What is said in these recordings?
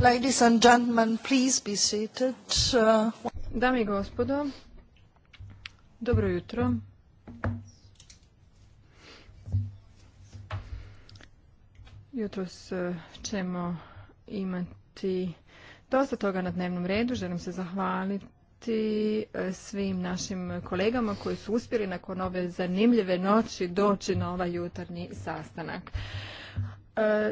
Ladies and gentlemen, please be seated. Uh, Dame i gospodo, dobro jutro. Jutros e, ćemo imati dosta toga na dnevnom redu. Želim se zahvaliti e, svim našim kolegama koji su uspjeli nakon ove zanimljive noći doći na ovaj jutarnji sastanak.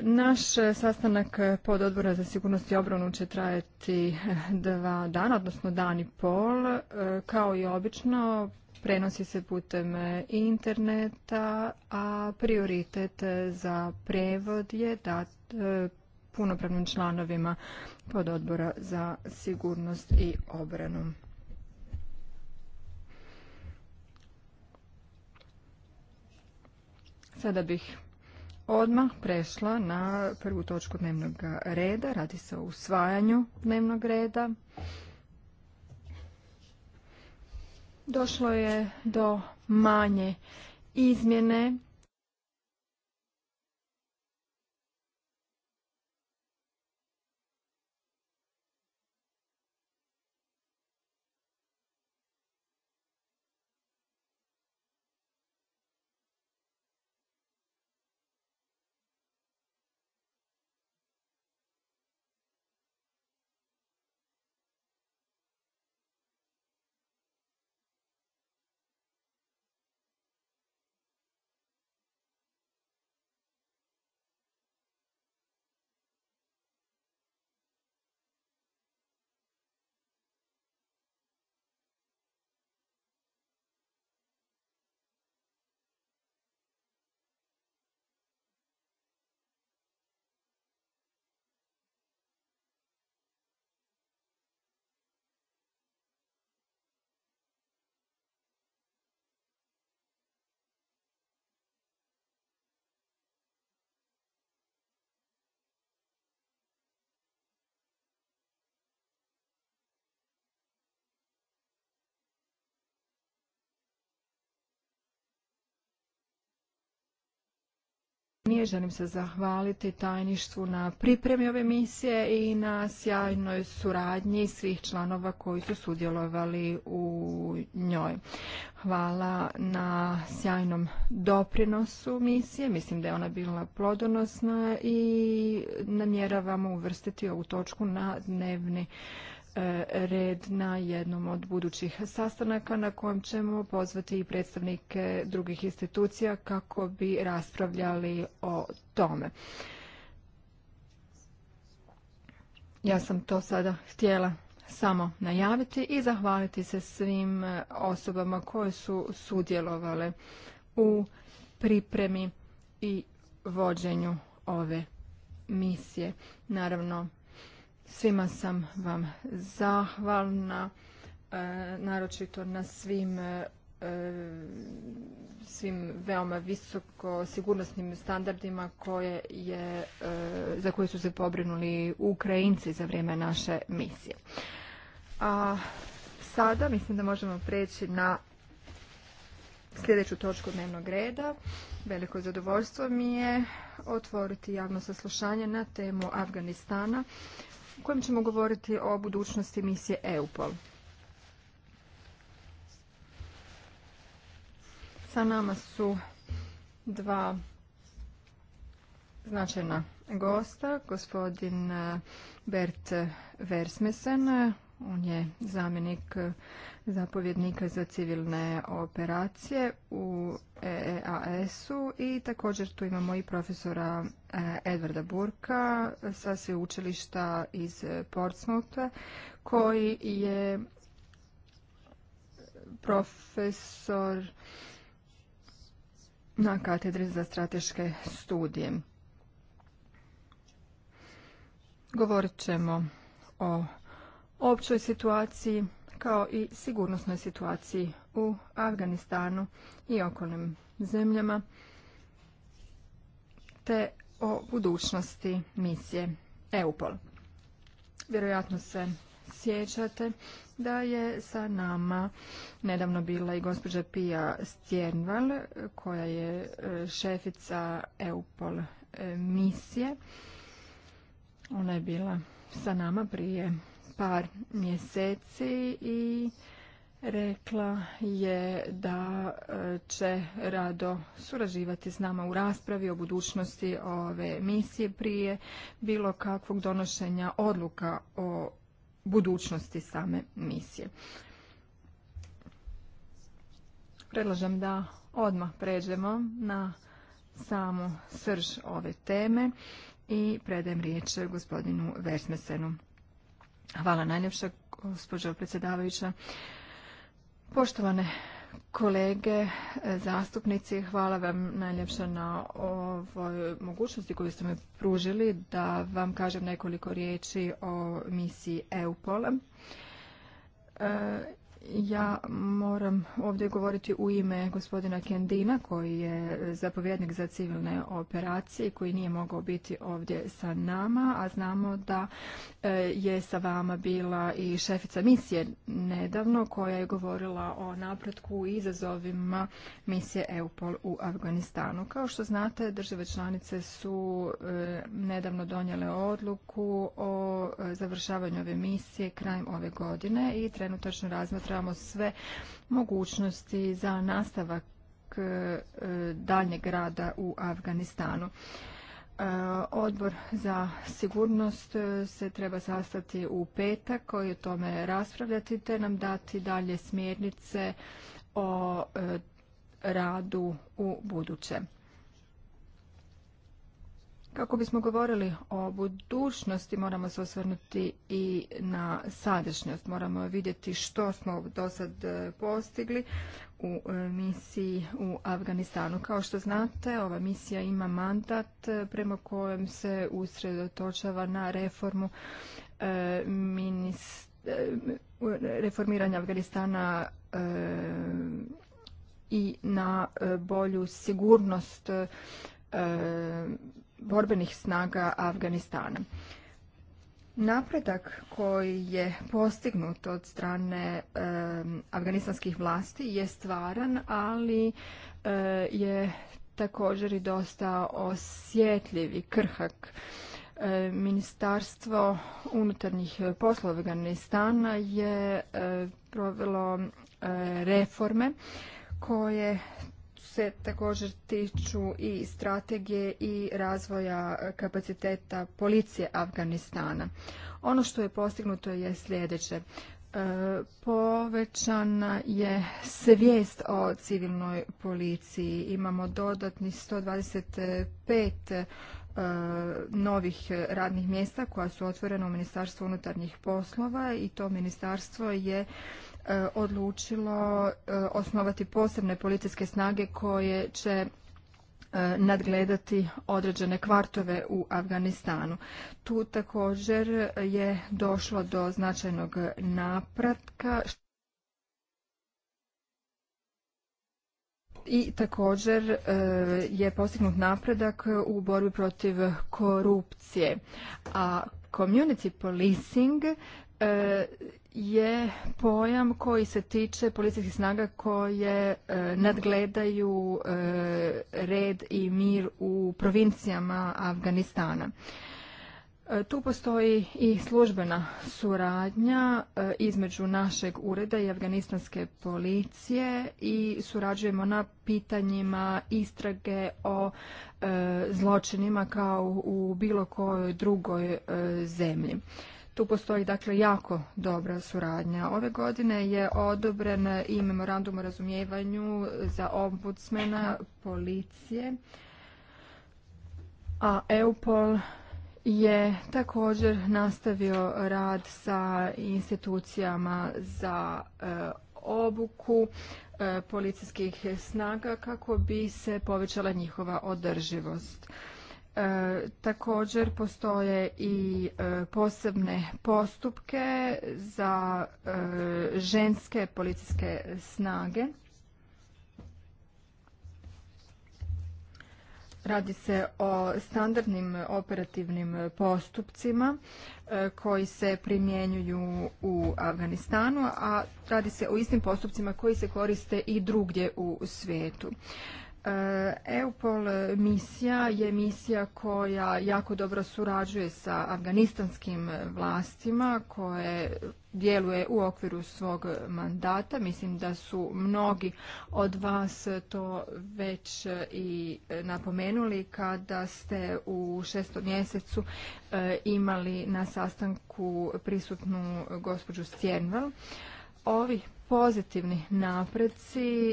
Naš sastanak pod odbora za sigurnost i obranu će trajati dva dana, odnosno dan i pol. Kao i obično, prenosi se putem interneta, a prioritet za prevod je dat e, punopravnim članovima pod odbora za sigurnost i obranu. Sada bih odmah prešla na prvu točku dnevnog reda. Radi se o usvajanju dnevnog reda. Došlo je do manje izmjene Nije želim se zahvaliti tajništvu na pripremi ove misije i na sjajnoj suradnji svih članova koji su sudjelovali u njoj. Hvala na sjajnom doprinosu misije. Mislim da je ona bila plodonosna i namjeravamo uvrstiti ovu točku na dnevni red na jednom od budućih sastanaka na kojem ćemo pozvati i predstavnike drugih institucija kako bi raspravljali o tome. Ja sam to sada htjela samo najaviti i zahvaliti se svim osobama koje su sudjelovale u pripremi i vođenju ove misije. Naravno, Svima sam vam zahvalna, e, naročito na svim e, svim veoma visoko sigurnosnim standardima koje je, e, za koje su se pobrinuli Ukrajinci za vrijeme naše misije. A sada mislim da možemo preći na sljedeću točku dnevnog reda. Veliko zadovoljstvo mi je otvoriti javno saslušanje na temu Afganistana u kojem ćemo govoriti o budućnosti misije EUPOL. Sa nama su dva značajna gosta, gospodin eh, Bert Versmesen, on je zamjenik zapovjednika za civilne operacije u eas u i također tu imamo i profesora e, Edvarda Burka sa sveučilišta iz Portsmoutha koji je profesor na katedri za strateške studije. Govorit ćemo o općoj situaciji kao i sigurnosnoj situaciji u Afganistanu i okolnim zemljama, te o budućnosti misije EUPOL. Vjerojatno se sjećate da je sa nama nedavno bila i gospođa Pija Stjernval, koja je e, šefica EUPOL e, misije. Ona je bila sa nama prije par mjeseci i rekla je da e, će rado surađivati s nama u raspravi o budućnosti ove misije prije bilo kakvog donošenja odluka o budućnosti same misije. Predlažem da odmah pređemo na samu srž ove teme i predajem riječ gospodinu Versmesenu. Hvala najljepša, gospođo predsjedavajuća. Poštovane kolege, e, zastupnici, hvala vam najljepša na ovoj mogućnosti koju ste mi pružili da vam kažem nekoliko riječi o misiji EUPOL-a. E, ja moram ovdje govoriti u ime gospodina Kendina koji je zapovjednik za civilne operacije koji nije mogao biti ovdje sa nama, a znamo da e, je sa vama bila i šefica misije nedavno koja je govorila o napretku i izazovima misije EUPOL u Afganistanu. Kao što znate, države članice su e, nedavno donijele odluku o e, završavanju ove misije krajem ove godine i trenutačno razmatra samo sve mogućnosti za nastavak e, daljnjeg rada u Afganistanu. E, odbor za sigurnost e, se treba sastati u petak koji o tome raspravljati te nam dati dalje smjernice o radu u budućem. Kako bismo govorili o budućnosti, moramo se osvrnuti i na sadašnjost. Moramo vidjeti što smo do sad e, postigli u e, misiji u Afganistanu. Kao što znate, ova misija ima mandat e, prema kojem se usredotočava na reformu reformiranja Afganistana i na bolju sigurnost borbenih snaga Afganistana. Napredak koji je postignut od strane afganistanskih vlasti je stvaran, ali eh, je također i dosta osjetljiv i krhak. Eh, Ministarstvo unutarnjih poslova Afganistana je eh, provelo reforme koje se također tiču i strategije i razvoja kapaciteta policije Afganistana. Ono što je postignuto je sljedeće. E, povećana je svijest o civilnoj policiji. Imamo dodatni 125 e, novih radnih mjesta koja su otvorena u Ministarstvu unutarnjih poslova i to ministarstvo je E, odlučilo e, osnovati posebne policijske snage koje će e, nadgledati određene kvartove u Afganistanu. Tu također je došlo do značajnog napratka i također je postignut napredak u borbi protiv korupcije. A community policing je pojam koji se tiče policijskih snaga koje e, nadgledaju e, red i mir u provincijama Afganistana. E, tu postoji i službena suradnja između našeg ureda i afganistanske policije i surađujemo na pitanjima istrage o zločinima kao u bilo kojoj drugoj zemlji. Tu postoji dakle jako dobra suradnja. Ove godine je odobren i memorandum o razumijevanju za ombudsmena policije, a EUPOL je također nastavio rad sa institucijama za e, obuku e, policijskih snaga kako bi se povećala njihova održivost. E, također postoje i e, posebne postupke za e, ženske policijske snage. Radi se o standardnim operativnim postupcima koji se primjenjuju u Afganistanu, a radi se o istim postupcima koji se koriste i drugdje u svijetu. E, EUPOL misija je misija koja jako dobro surađuje sa afganistanskim vlastima koje djeluje u okviru svog mandata. Mislim da su mnogi od vas to već i napomenuli kada ste u šestom mjesecu e, imali na sastanku prisutnu gospođu Stjernvel. ovih pozitivni napreci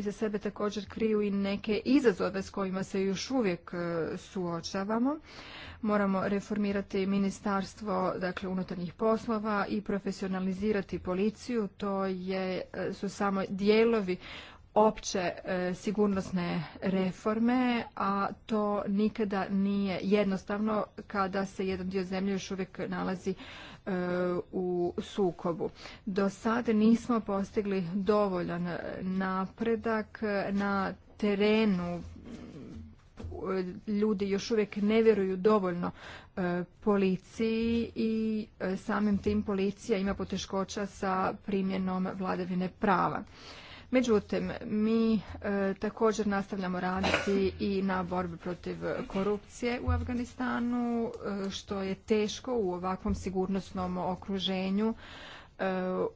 e, za sebe također kriju i neke izazove s kojima se još uvijek e, suočavamo. Moramo reformirati ministarstvo dakle, unutarnjih poslova i profesionalizirati policiju. To je, e, su samo dijelovi opće e, sigurnosne reforme, a to nikada nije jednostavno kada se jedan dio zemlje još uvijek nalazi E, u sukobu. Do sad nismo postigli dovoljan napredak na terenu ljudi još uvijek ne vjeruju dovoljno e, policiji i e, samim tim policija ima poteškoća sa primjenom vladavine prava. Međutim, mi e, također nastavljamo raditi i na borbi protiv korupcije u Afganistanu, e, što je teško u ovakvom sigurnosnom okruženju e,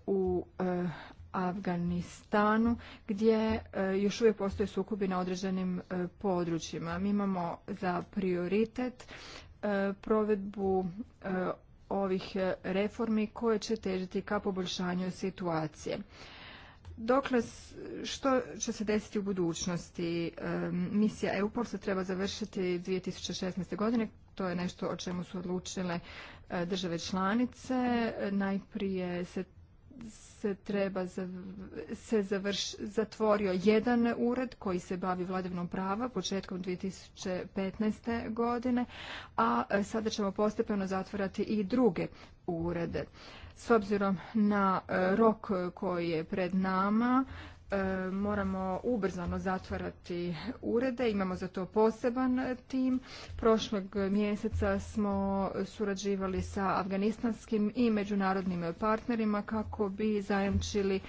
u Afganistanu gdje još uvijek postoje sukobi na određenim područjima. Mi imamo za prioritet provedbu ovih reformi koje će težiti ka poboljšanju situacije. Dokle, što će se desiti u budućnosti? Misija EUPOL se treba završiti 2016. godine. To je nešto o čemu su odlučile e, države članice. Najprije se se treba se zatvorio jedan ured koji se bavi vladavinom prava početkom 2015. godine, a e, sada ćemo postepeno zatvorati i druge urede. S obzirom na e, rok koji je pred nama, e, moramo ubrzano zatvarati urede, imamo za to poseban tim. Prošlog mjeseca smo surađivali sa afganistanskim i međunarodnim partnerima kako bi zajamčili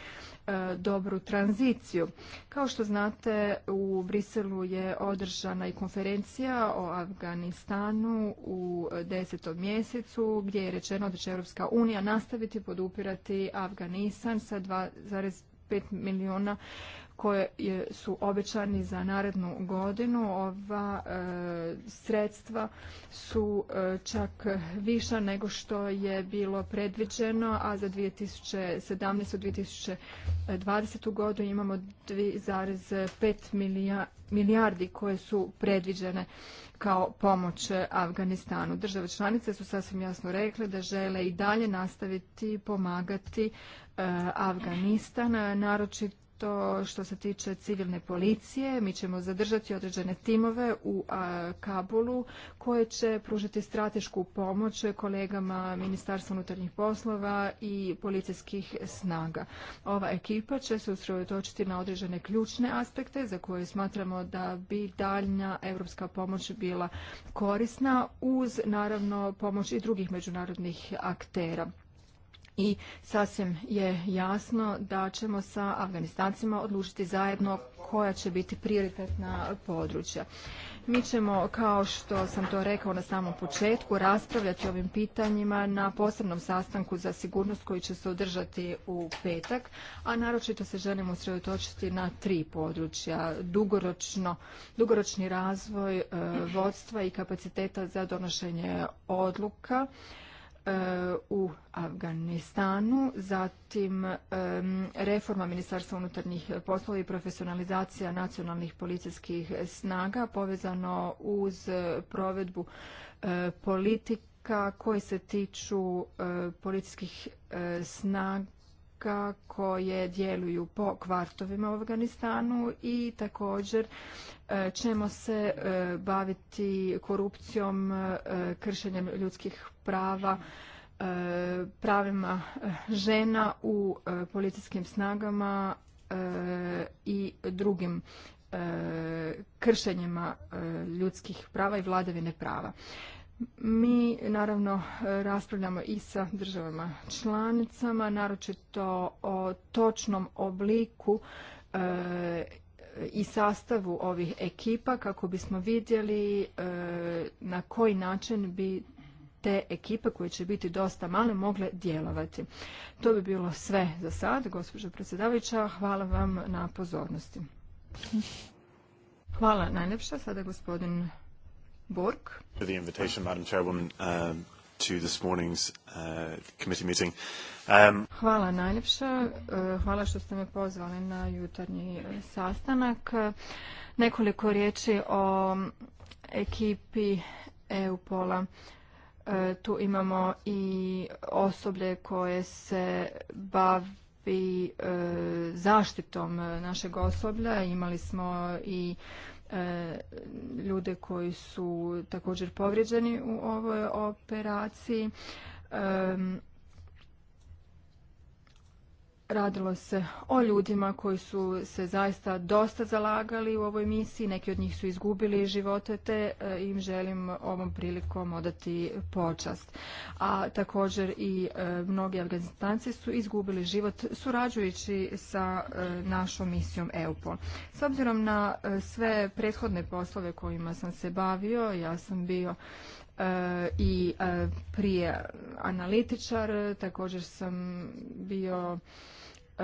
E, dobru tranziciju. Kao što znate, u Briselu je održana i konferencija o Afganistanu u desetom mjesecu gdje je rečeno da će Europska unija nastaviti podupirati Afganistan sa 2,5 milijuna koje su obećani za narednu godinu. Ova e, sredstva su e, čak viša nego što je bilo predviđeno, a za 2017. 2020. godinu imamo 2,5 milijardi koje su predviđene kao pomoć Afganistanu. Države članice su sasvim jasno rekle da žele i dalje nastaviti pomagati e, Afganistan, naročito to što se tiče civilne policije. Mi ćemo zadržati određene timove u Kabulu koje će pružiti stratešku pomoć kolegama Ministarstva unutarnjih poslova i policijskih snaga. Ova ekipa će se usredotočiti na određene ključne aspekte za koje smatramo da bi daljnja europska pomoć bila korisna uz naravno pomoć i drugih međunarodnih aktera i sasvim je jasno da ćemo sa Afganistancima odlučiti zajedno koja će biti prioritetna područja. Mi ćemo, kao što sam to rekao na samom početku, raspravljati ovim pitanjima na posebnom sastanku za sigurnost koji će se održati u petak, a naročito se želimo sredotočiti na tri područja. Dugoročno, dugoročni razvoj e, vodstva i kapaciteta za donošenje odluka, u Afganistanu, zatim reforma Ministarstva unutarnjih poslova i profesionalizacija nacionalnih policijskih snaga povezano uz provedbu e, politika koje se tiču e, policijskih e, snaga koje djeluju po kvartovima u Afganistanu i također ćemo se baviti korupcijom, kršenjem ljudskih prava, e, pravima e, žena u e, policijskim snagama i drugim kršenjima ljudskih prava i vladavine prava. Mi naravno raspravljamo i sa državama članicama, naročito o točnom obliku i sastavu ovih ekipa kako bismo vidjeli na koji način bi te ekipe koje će biti dosta male mogle djelovati. To bi bilo sve za sad, gospođo predsjedavajuća. Hvala vam na pozornosti. Hvala najljepša. Sada gospodin Borg. Hvala najljepša. Uh, hvala što ste me pozvali na jutarnji uh, sastanak. Nekoliko riječi o ekipi EU-pola. E, tu imamo i osoblje koje se bavi e, zaštitom e, našeg osoblja. Imali smo i ljude koji su također povrijeđeni u ovoj operaciji. Radilo se o ljudima koji su se zaista dosta zalagali u ovoj misiji, neki od njih su izgubili živote, te e, im želim ovom prilikom odati počast. A također i e, mnogi Afganistanci su izgubili život surađujući sa e, našom misijom EUPOL. S obzirom na sve prethodne poslove kojima sam se bavio, ja sam bio i prije analitičar, također sam bio E,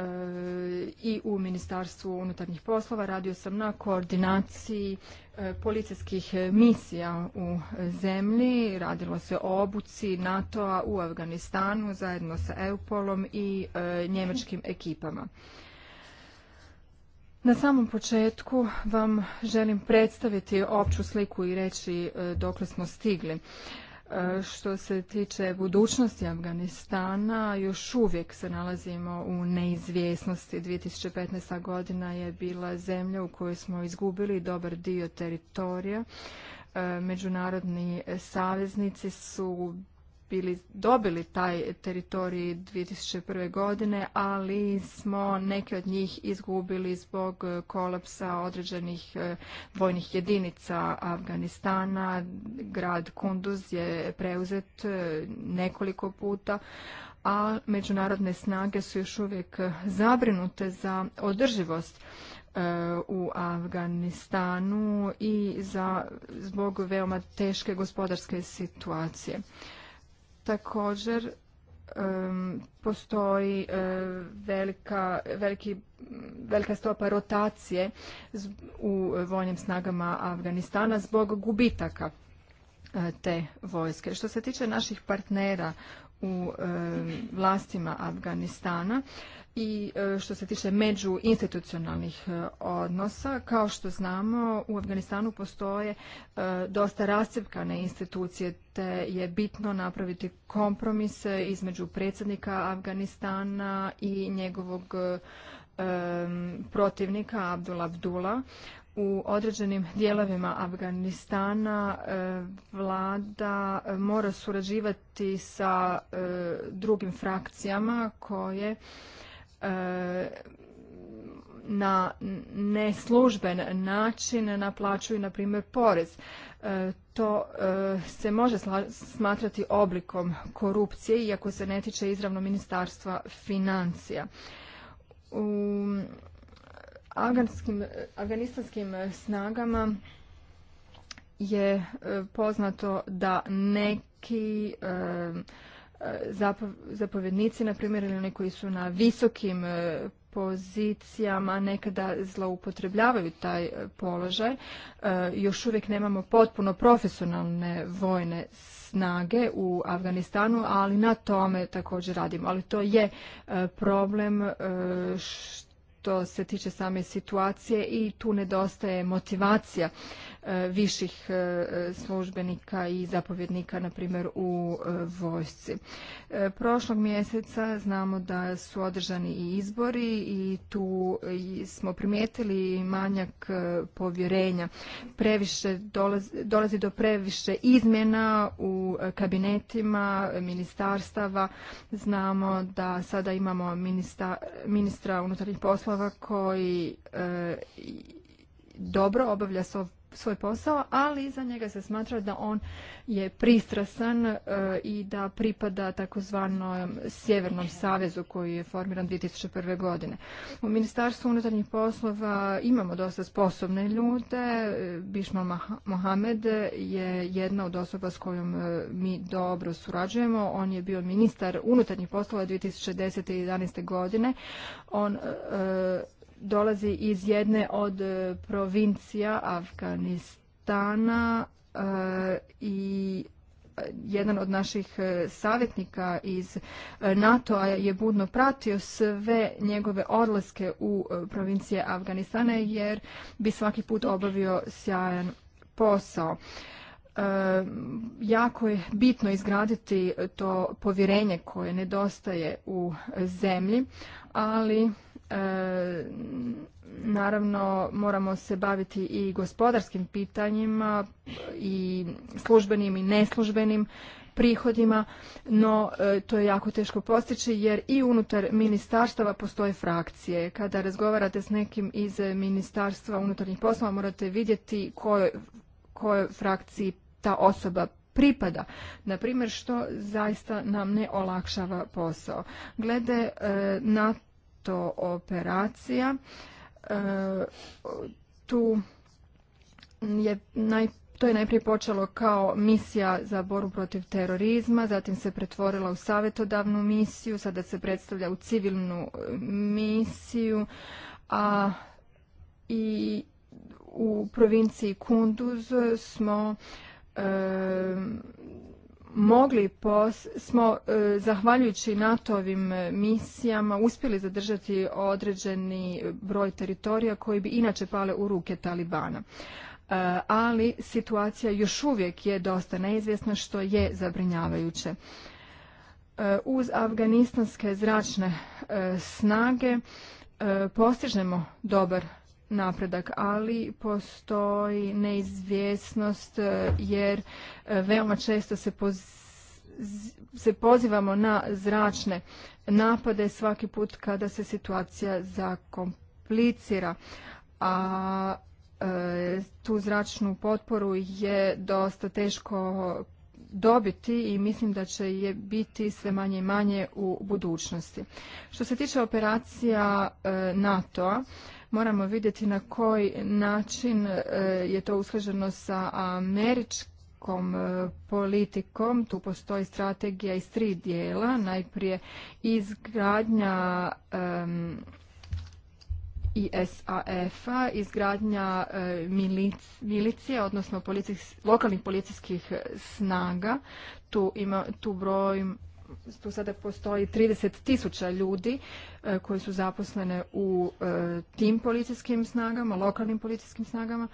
i u Ministarstvu unutarnjih poslova. Radio sam na koordinaciji e, policijskih misija u zemlji. Radilo se o obuci NATO-a u Afganistanu zajedno sa Eupolom i e, njemačkim ekipama. Na samom početku vam želim predstaviti opću sliku i reći dokle smo stigli. Što se tiče budućnosti Afganistana, još uvijek se nalazimo u neizvjesnosti. 2015. godina je bila zemlja u kojoj smo izgubili dobar dio teritorija. E, međunarodni saveznici su bili dobili taj teritorij 2001. godine, ali smo neke od njih izgubili zbog e, kolapsa određenih e, vojnih jedinica Afganistana. Grad Kunduz je preuzet e, nekoliko puta, a međunarodne snage su još uvijek zabrinute za održivost u Afganistanu i za, zbog veoma teške gospodarske situacije. Također postoji e, velika, veliki, velika stopa rotacije u vojnim snagama Afganistana zbog gubitaka e, te vojske. Što se tiče naših partnera u vlastima Afganistana, i e, što se tiče međuinstitucionalnih e, odnosa. Kao što znamo, u Afganistanu postoje e, dosta rascjepkane institucije, te je bitno napraviti kompromise između predsjednika Afganistana i njegovog protivnika Abdul Abdullah. U određenim dijelovima Afganistana vlada mora surađivati sa drugim frakcijama koje E, na neslužben način naplaćuju na primjer porez e, to e, se može smatrati oblikom korupcije iako se ne tiče izravno ministarstva financija u afganistanskim snagama je poznato da neki zapovjednici, na primjer, ili oni koji su na visokim e, pozicijama nekada zloupotrebljavaju taj e, položaj. E, još uvijek nemamo potpuno profesionalne vojne snage u Afganistanu, ali na tome također radimo. Ali to je problem što se tiče same situacije i tu nedostaje motivacija E, viših e, službenika i zapovjednika, na primjer, u e, vojsci. Prošlog mjeseca znamo da su održani i izbori i tu smo primijetili manjak povjerenja. Previše dolazi, do previše izmjena u kabinetima, ministarstava. Znamo da sada imamo ministra, unutarnjih poslova koji dobro obavlja svoj svoj posao, ali za njega se smatra da on je pristrasan e, i da pripada takozvanom Sjevernom savezu koji je formiran 2001. godine. U Ministarstvu unutarnjih poslova imamo dosta sposobne ljude. E, Bišma Mohamed je jedna od osoba s kojom e, mi dobro surađujemo. On je bio ministar unutarnjih poslova 2010. i 2011. godine. On dolazi iz jedne od e, provincija Afganistana e, i jedan od naših e, savjetnika iz nato je budno pratio sve njegove odlaske u provincije Afganistana jer bi svaki put obavio sjajan posao. jako je bitno izgraditi to povjerenje koje nedostaje u zemlji, ali E, naravno, moramo se baviti i gospodarskim pitanjima i službenim i neslužbenim prihodima, no e, to je jako teško postići jer i unutar ministarstava postoje frakcije. Kada razgovarate s nekim iz ministarstva unutarnjih poslova morate vidjeti kojoj, frakciji ta osoba pripada. Na primjer, što zaista nam ne olakšava posao. Glede e, na to operacija. E, tu je naj to je najprije počelo kao misija za borbu protiv terorizma, zatim se pretvorila u savjetodavnu misiju, sada se predstavlja u civilnu e, misiju, a i u provinciji Kunduz smo e, mogli smo e, zahvaljujući NATO-ovim e, misijama uspjeli zadržati određeni broj teritorija koji bi inače pale u ruke Talibana. E, ali situacija još uvijek je dosta neizvjesna što je zabrinjavajuće. Uz afganistanske zračne snage postižemo dobar napredak, ali postoji neizvjesnost e, jer e, veoma često se se pozivamo na zračne napade svaki put kada se situacija zakomplicira, a e, tu zračnu potporu je dosta teško dobiti i mislim da će je biti sve manje i manje u budućnosti. Što se tiče operacija e, NATO-a, Moramo vidjeti na koji način e, je to usklađeno sa američkom e, politikom. Tu postoji strategija iz tri dijela. Najprije izgradnja ISAF-a, izgradnja e, milicije, odnosno lokalnih policijskih snaga. Tu, ima, tu broj tu sada postoji 30 tisuća ljudi e, koji su zaposlene u e, tim policijskim snagama, lokalnim policijskim snagama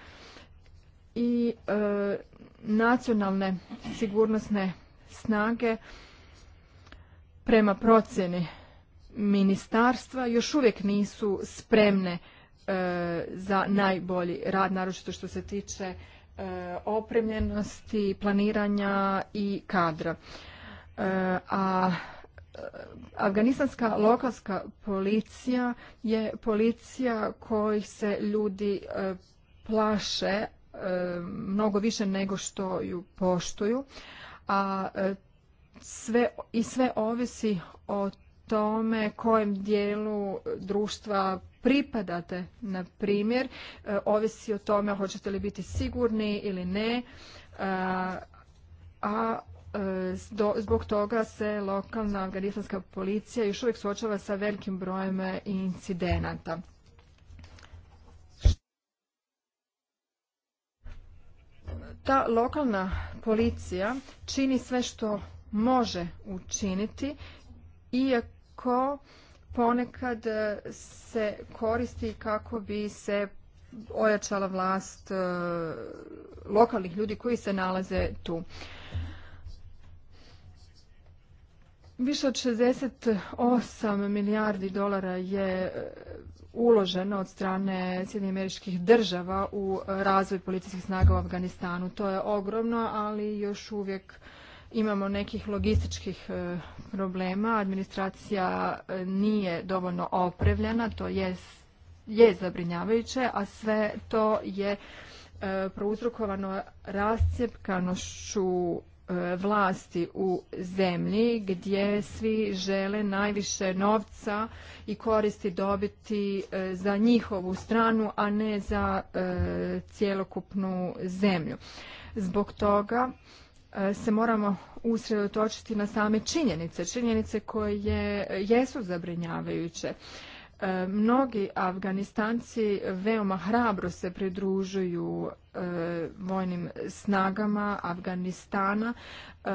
i e, nacionalne sigurnosne snage prema procjeni ministarstva još uvijek nisu spremne za najbolji rad, naročito što se tiče opremljenosti, planiranja i kadra. Eh, a eh, Afganistanska lokalska policija je policija kojih se ljudi eh, plaše mnogo više nego što ju poštuju, a sve i sve ovisi o tome kojem dijelu društva pripadate, na primjer, ovisi o tome hoćete li biti sigurni ili ne, a E, zbog toga se lokalna afganistanska policija još uvijek suočava sa velikim brojem e, incidenata. Ta lokalna policija čini sve što može učiniti, iako ponekad e, se koristi kako bi se ojačala vlast lokalnih ljudi koji se nalaze tu. Više od 68 milijardi dolara je e, uloženo od strane Sjedinje američkih država u razvoj policijskih snaga u Afganistanu. To je ogromno, ali još uvijek imamo nekih logističkih e, problema. Administracija e, nije dovoljno opremljena, to je, je zabrinjavajuće, a sve to je prouzrokovano rascjepkanošću E, vlasti u zemlji gdje svi žele najviše novca i koristi dobiti e, za njihovu stranu, a ne za e, cijelokupnu zemlju. Zbog toga se moramo usredotočiti na same činjenice, činjenice koje jesu zabrinjavajuće. E, mnogi Afganistanci veoma hrabro se pridružuju e, vojnim snagama Afganistana. E,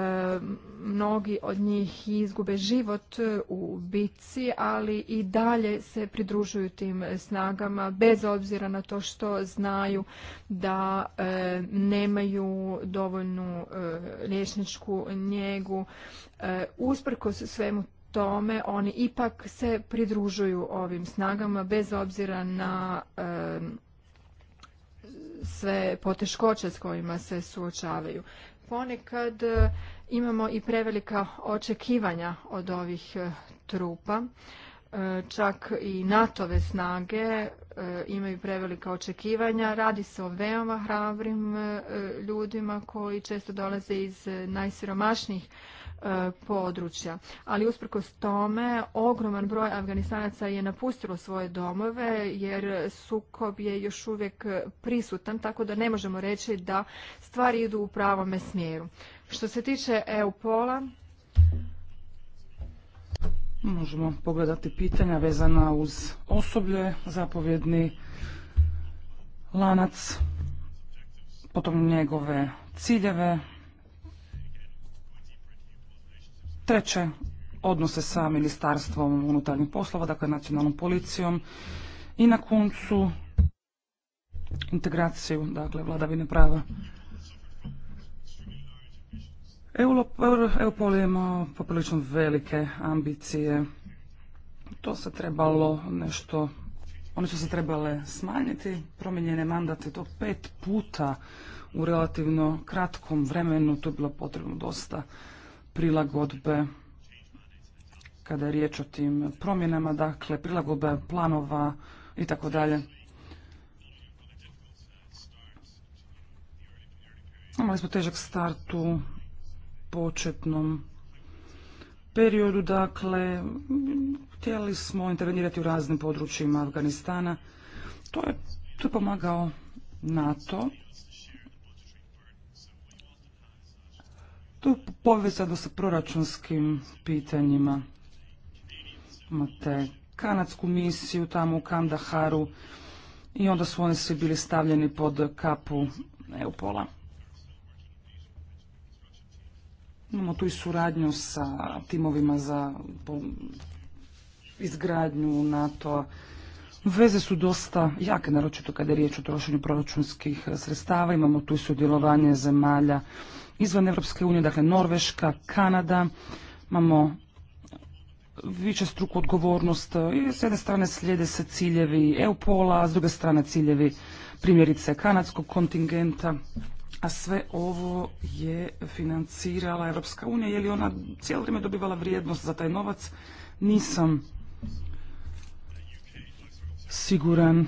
mnogi od njih izgube život u bici ali i dalje se pridružuju tim snagama bez obzira na to što znaju da nemaju dovoljnu liječničku njegu. usprko svemu tome oni ipak se pridružuju ovim snagama bez obzira na sve poteškoće s kojima se suočavaju. Ponekad e, imamo i prevelika očekivanja od ovih e, trupa. E, čak i NATO-ve snage imaju prevelika očekivanja. Radi se o veoma hrabrim ljudima koji često dolaze iz najsiromašnijih E, područja. Ali usprkos tome, ogroman broj Afganistanaca je napustilo svoje domove jer sukob je još uvijek prisutan, tako da ne možemo reći da stvari idu u pravome smjeru. Što se tiče EU-pola, Možemo pogledati pitanja vezana uz osoblje, zapovjedni lanac, potom njegove ciljeve, Treće, odnose sa Ministarstvom unutarnjih poslova, dakle nacionalnom policijom. I na koncu integraciju, dakle vladavine prava. Eupol je imao poprilično velike ambicije. To se trebalo nešto, one su se trebale smanjiti, promjenjene mandate, to pet puta u relativno kratkom vremenu, to je bilo potrebno dosta prilagodbe kada je riječ o tim promjenama, dakle prilagodbe planova i tako dalje. Imali smo težak start u početnom periodu, dakle htjeli smo intervenirati u raznim područjima Afganistana. To je, to je pomagao NATO To je povezano sa proračunskim pitanjima. Imate kanadsku misiju tamo u Kandaharu i onda su oni svi bili stavljeni pod kapu Eupola. Imamo tu i suradnju sa timovima za izgradnju nato Veze su dosta jake, naročito kada je riječ o trošenju proračunskih sredstava. Imamo tu i sudjelovanje zemalja izvan Europske unije, dakle Norveška, Kanada, imamo struku odgovornost i s jedne strane slijede se ciljevi EUPOL-a, a s druge strane ciljevi primjerice kanadskog kontingenta, a sve ovo je financirala Europska unija, je li ona cijelo vrijeme dobivala vrijednost za taj novac, nisam siguran.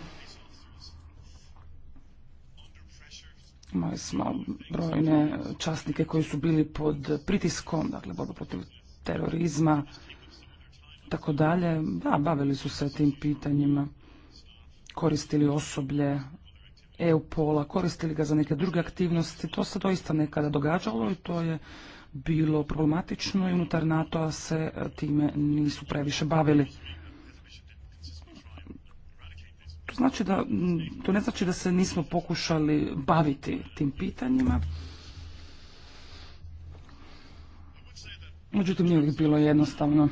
Imali smo brojne časnike koji su bili pod pritiskom, dakle borba protiv terorizma, tako dalje. Da, bavili su se tim pitanjima, koristili osoblje EU-pola, koristili ga za neke druge aktivnosti. To se doista nekada događalo i to je bilo problematično i unutar NATO-a se time nisu previše bavili znači da, to ne znači da se nismo pokušali baviti tim pitanjima. Međutim, nije uvijek bilo jednostavno.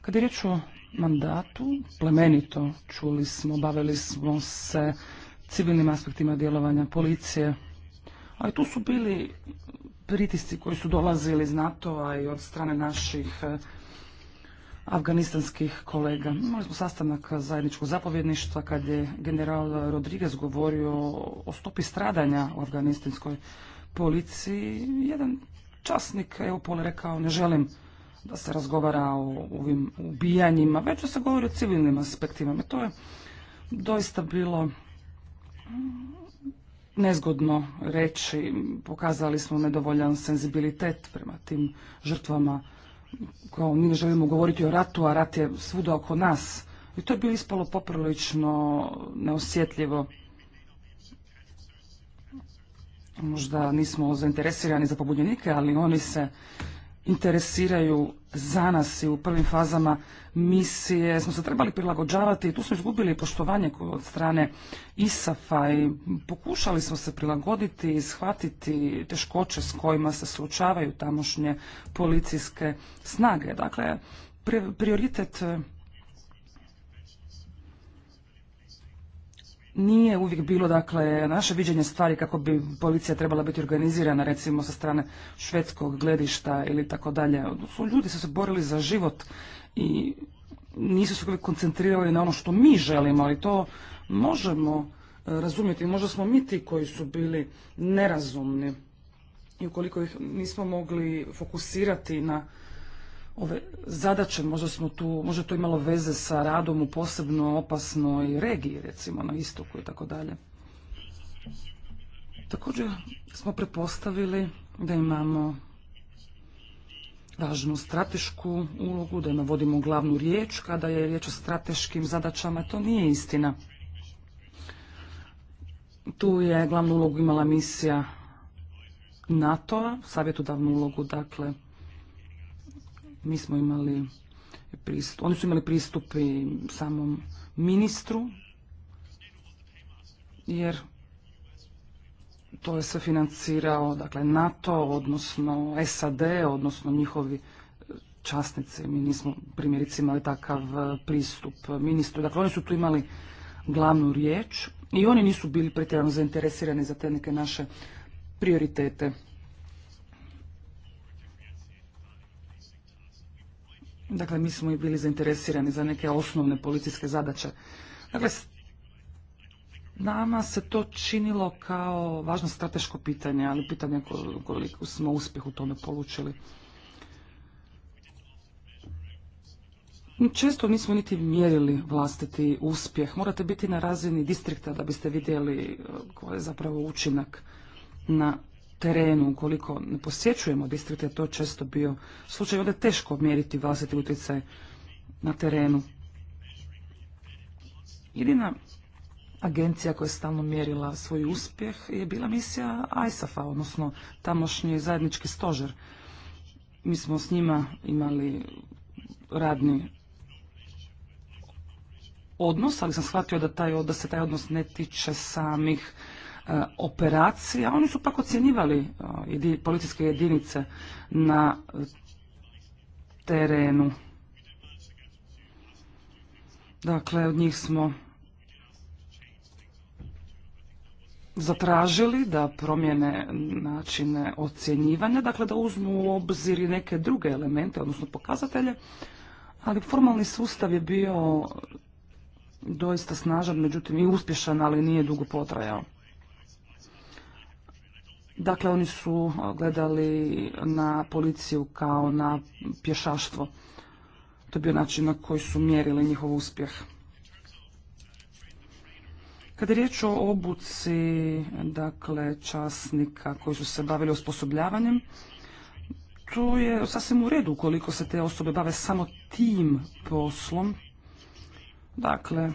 Kad je riječ o mandatu, plemenito čuli smo, bavili smo se civilnim aspektima djelovanja policije, ali tu su bili pritisci koji su dolazili iz NATO-a i od strane naših eh, afganistanskih kolega. Imali smo sastanak zajedničkog zapovjedništva kad je general Rodriguez govorio o stopi stradanja u afganistanskoj policiji. Jedan časnik je upol rekao ne želim da se razgovara o ovim ubijanjima, već da se govori o civilnim aspektima. to je doista bilo mm, nezgodno reći. Pokazali smo nedovoljan senzibilitet prema tim žrtvama kao mi ne želimo govoriti o ratu, a rat je svuda oko nas. I to je bilo ispalo poprilično neosjetljivo. Možda nismo zainteresirani za pobunjenike, ali oni se interesiraju za nas i u prvim fazama misije smo se trebali prilagođavati i tu smo izgubili poštovanje od strane ISAF-a i pokušali smo se prilagoditi i shvatiti teškoće s kojima se suočavaju tamošnje policijske snage. Dakle, prioritet nije uvijek bilo, dakle, naše viđenje stvari kako bi policija trebala biti organizirana, recimo sa strane švedskog gledišta ili tako dalje. Ljudi su se borili za život i nisu se uvijek koncentrirali na ono što mi želimo, ali to možemo e, razumjeti. Možda smo mi ti koji su bili nerazumni i ukoliko ih nismo mogli fokusirati na ove zadaće, možda, smo tu, možda to imalo veze sa radom u posebno opasnoj regiji, recimo na istoku i tako dalje. Također smo prepostavili da imamo važnu stratešku ulogu, da ima vodimo glavnu riječ kada je riječ o strateškim zadaćama. To nije istina. Tu je glavnu ulogu imala misija NATO-a, savjetodavnu ulogu, dakle, mi smo imali pristup, oni su imali pristup i samom ministru, jer to je se financirao dakle, NATO, odnosno SAD, odnosno njihovi časnici. Mi nismo primjerice imali takav e, pristup ministru. Dakle, oni su tu imali glavnu riječ i oni nisu bili pretjerano zainteresirani za te neke naše prioritete. Dakle, mi smo i bili zainteresirani za neke osnovne policijske zadaće. Dakle, nama se to činilo kao važno strateško pitanje, ali pitanje koliko smo uspjeh u tome polučili. Često nismo niti mjerili vlastiti uspjeh. Morate biti na razini distrikta da biste vidjeli e, koji je zapravo učinak na terenu, ukoliko ne posjećujemo distrikte, to je često bio slučaj, onda je teško mjeriti vlastiti utjecaj na terenu. Jedina agencija koja je stalno mjerila svoj uspjeh je bila misija ISAF-a, odnosno tamošnji zajednički stožer. Mi smo s njima imali radni odnos, ali sam shvatio da, taj, da se taj odnos ne tiče samih E, operacija. Oni su pak ocjenjivali e, policijske jedinice na terenu. Dakle, od njih smo zatražili da promjene načine ocjenjivanja, dakle da uzmu u obzir i neke druge elemente, odnosno pokazatelje, ali formalni sustav je bio doista snažan, međutim i uspješan, ali nije dugo potrajao. Dakle, oni su gledali na policiju kao na pješaštvo. To je bio način na koji su mjerili njihov uspjeh. Kada je riječ o obuci, dakle, časnika koji su se bavili osposobljavanjem, tu je sasvim u redu koliko se te osobe bave samo tim poslom. Dakle,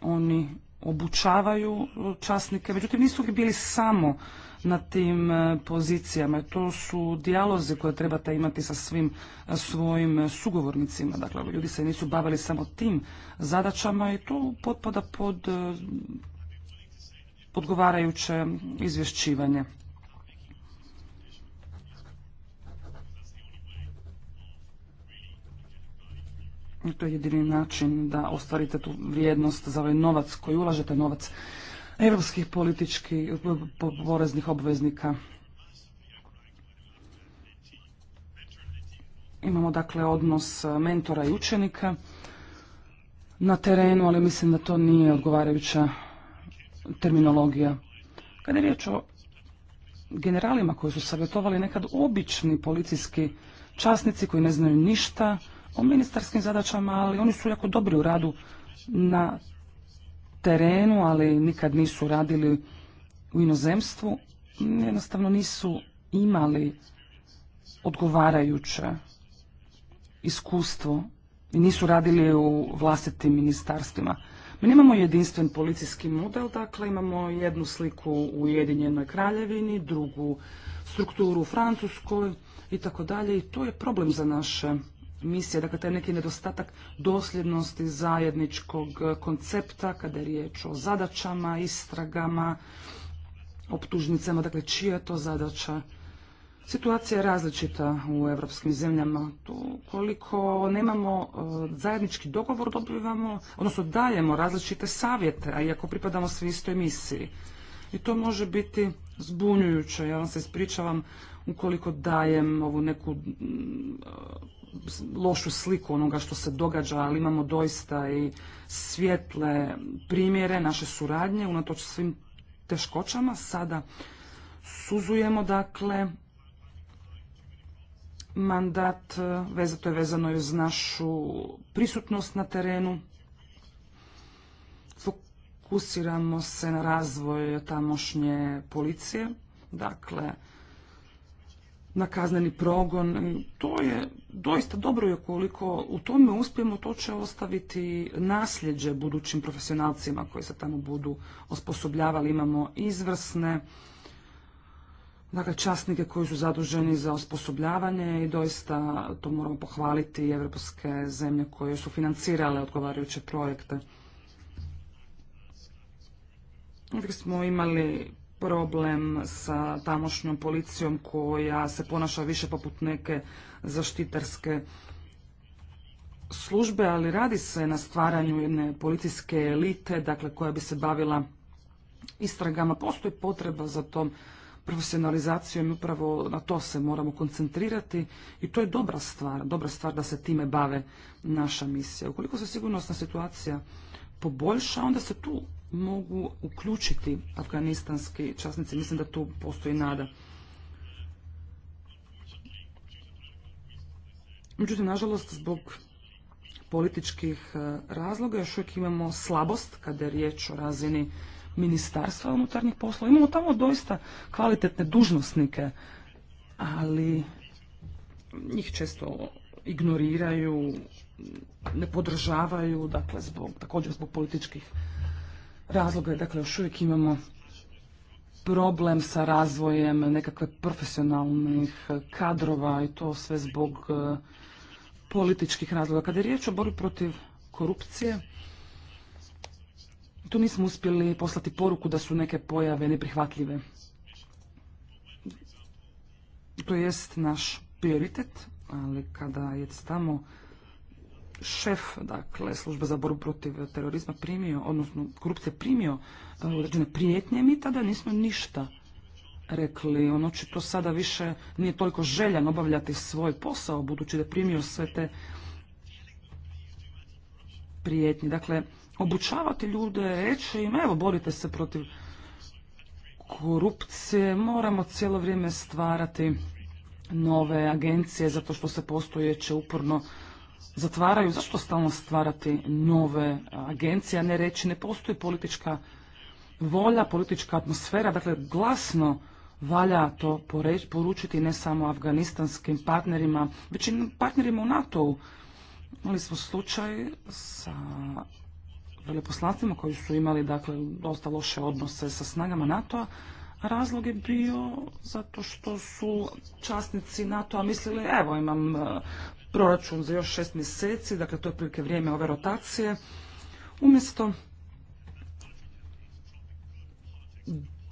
oni obučavaju časnike, međutim nisu bili samo na tim e, pozicijama. To su dijalozi koje trebate imati sa svim e, svojim e, sugovornicima. Dakle, ljudi se nisu bavili samo tim zadaćama i to potpada pod odgovarajuće izvješćivanje. to je jedini način da ostvarite tu vrijednost za ovaj novac koji ulažete, novac europskih političkih poreznih obveznika. Imamo dakle odnos mentora i učenika na terenu, ali mislim da to nije odgovarajuća terminologija. Kada je riječ o generalima koji su savjetovali nekad obični policijski časnici koji ne znaju ništa o ministarskim zadaćama, ali oni su jako dobri u radu na terenu, ali nikad nisu radili u inozemstvu, jednostavno nisu imali odgovarajuće iskustvo i nisu radili u vlastitim ministarstvima. Mi nemamo jedinstven policijski model, dakle imamo jednu sliku u Ujedinjenoj kraljevini, drugu strukturu u Francuskoj i tako dalje i to je problem za naše misije, dakle taj neki nedostatak dosljednosti zajedničkog koncepta kada je riječ o zadaćama, istragama, optužnicama, dakle čija je to zadaća. Situacija je različita u evropskim zemljama. To koliko nemamo e, zajednički dogovor dobivamo, odnosno dajemo različite savjete, a iako pripadamo svi istoj misiji. I to može biti zbunjujuće. Ja vam se ispričavam ukoliko dajem ovu neku lošu sliku onoga što se događa, ali imamo doista i svijetle primjere naše suradnje unatoč svim teškoćama. Sada suzujemo dakle mandat, e, to je vezano i uz našu prisutnost na terenu. Fokusiramo se na razvoj tamošnje policije, dakle na kazneni progon. E, to je doista dobro i ukoliko u tome uspijemo, to će ostaviti nasljeđe budućim profesionalcima koji se tamo budu osposobljavali. Imamo izvrsne dakle, časnike koji su zaduženi za osposobljavanje i doista to moramo pohvaliti evropske zemlje koje su financirale odgovarajuće projekte. Uvijek smo imali problem sa tamošnjom policijom koja se ponaša više poput neke zaštitarske službe, ali radi se na stvaranju jedne policijske elite, dakle koja bi se bavila istragama. Postoji potreba za tom profesionalizacijom i upravo na to se moramo koncentrirati i to je dobra stvar, dobra stvar da se time bave naša misija. Ukoliko se sigurnosna situacija poboljša, onda se tu mogu uključiti afganistanski časnici. Mislim da tu postoji nada. Međutim, nažalost, zbog političkih e, razloga još uvijek imamo slabost kada je riječ o razini ministarstva unutarnjih poslova. Imamo tamo doista kvalitetne dužnosnike, ali njih često ignoriraju, ne podržavaju, dakle, zbog, također zbog političkih razloga je dakle još uvijek imamo problem sa razvojem nekakve profesionalnih kadrova i to sve zbog e, političkih razloga. Kada je riječ o borbi protiv korupcije, tu nismo uspjeli poslati poruku da su neke pojave neprihvatljive. To jest naš prioritet, ali kada je tamo šef dakle, službe za borbu protiv terorizma primio, odnosno korupcije primio e, određene prijetnje, mi tada nismo ništa rekli. On to sada više nije toliko željan obavljati svoj posao, budući da je primio sve te prijetnje. Dakle, obučavati ljude, reći im, evo, borite se protiv korupcije, moramo cijelo vrijeme stvarati nove agencije zato što se postojeće uporno zatvaraju, zašto stalno stvarati nove agencije, a ne reći ne postoji politička volja, politička atmosfera, dakle glasno valja to poručiti ne samo afganistanskim partnerima, već i partnerima u NATO-u. Imali smo slučaj sa veleposlanstvima koji su imali dakle, dosta loše odnose sa snagama NATO-a, Razlog je bio zato što su časnici NATO-a mislili, evo imam proračun za još šest mjeseci, dakle to je prilike vrijeme ove rotacije, umjesto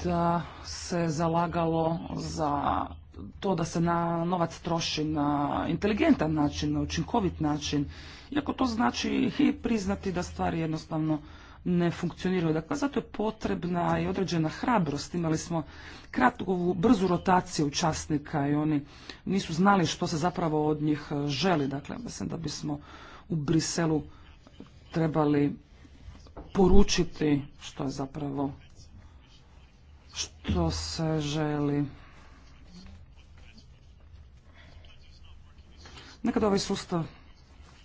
da se zalagalo za to da se na novac troši na inteligentan način, na učinkovit način, iako to znači i priznati da stvari jednostavno ne funkcioniraju. Dakle, zato je potrebna i određena hrabrost. Imali smo kratku, brzu rotaciju učasnika i oni nisu znali što se zapravo od njih e, želi. Dakle, mislim da bismo u Briselu trebali poručiti što je zapravo što se želi. Nekada ovaj sustav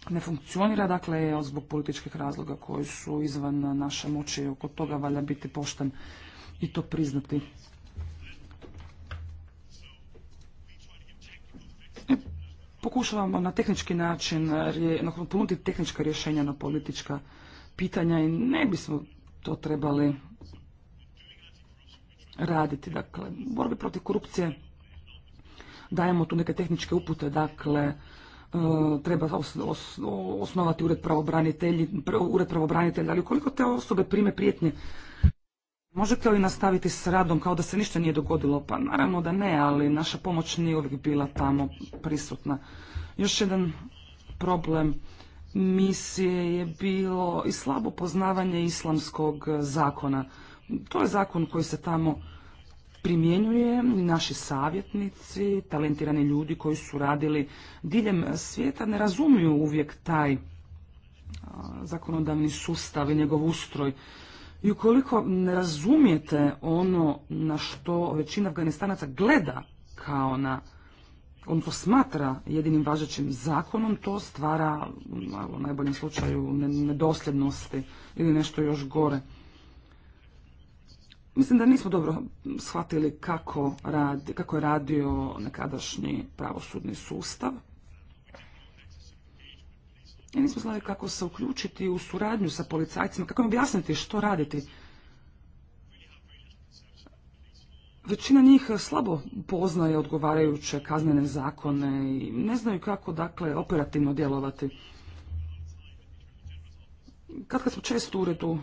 ne funkcionira, dakle zbog političkih razloga koji su izvan naše moći, oko toga valja biti pošten i to priznati. E, pokušavamo na tehnički način ponuditi tehnička rješenja na politička pitanja i ne bismo to trebali raditi. Dakle, borbi protiv korupcije dajemo tu neke tehničke upute, dakle, E, treba osnovati ured, pravobranitelji, ured pravobranitelja, ali ukoliko te osobe prime prijetnje, možete li nastaviti s radom kao da se ništa nije dogodilo? Pa naravno da ne, ali naša pomoć nije uvijek bila tamo prisutna. Još jedan problem misije je bilo i slabo poznavanje islamskog zakona. To je zakon koji se tamo primjenjuje naši savjetnici, talentirani ljudi koji su radili diljem svijeta ne razumiju uvijek taj zakonodavni sustav i njegov ustroj. I ukoliko ne razumijete ono na što većina Afganistanaca gleda kao na on to smatra jedinim važećim zakonom, to stvara u najboljem slučaju nedosljednosti ili nešto još gore. Mislim da nismo dobro shvatili kako, radi, kako je radio nekadašnji pravosudni sustav. I nismo znali kako se uključiti u suradnju sa policajcima, kako im objasniti što raditi. Većina njih slabo poznaje odgovarajuće kaznene zakone i ne znaju kako dakle operativno djelovati. Kad, kad smo često u uredu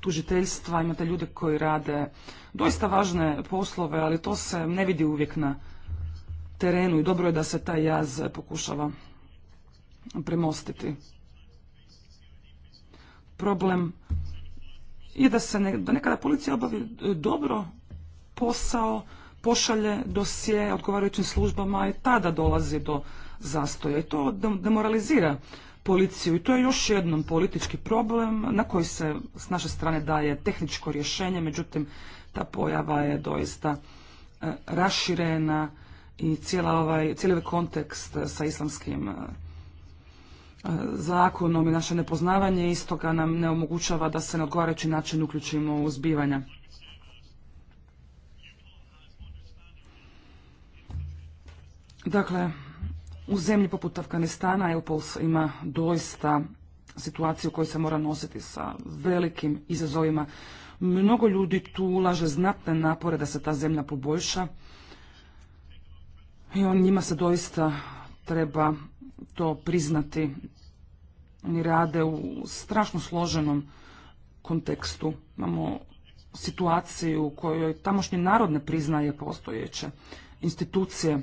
tužiteljstva, imate ljude koji rade doista važne poslove, ali to se ne vidi uvijek na terenu i dobro je da se taj jaz pokušava premostiti. Problem je da se ne, nekada policija obavi e, dobro posao, pošalje dosije odgovarajućim službama i tada dolazi do zastoja i to demoralizira policiju. I to je još jednom politički problem na koji se s naše strane daje tehničko rješenje, međutim ta pojava je doista e, raširena i ovaj, cijeli ovaj kontekst e, sa islamskim e, zakonom i naše nepoznavanje istoga nam ne omogućava da se na odgovarajući način uključimo u zbivanja. Dakle, u zemlji poput Afganistana EUPOLS ima doista situaciju u kojoj se mora nositi sa velikim izazovima. Mnogo ljudi tu ulaže znatne napore da se ta zemlja poboljša i on njima se doista treba to priznati. Oni rade u strašno složenom kontekstu. Imamo situaciju u kojoj tamošnji narod ne priznaje postojeće institucije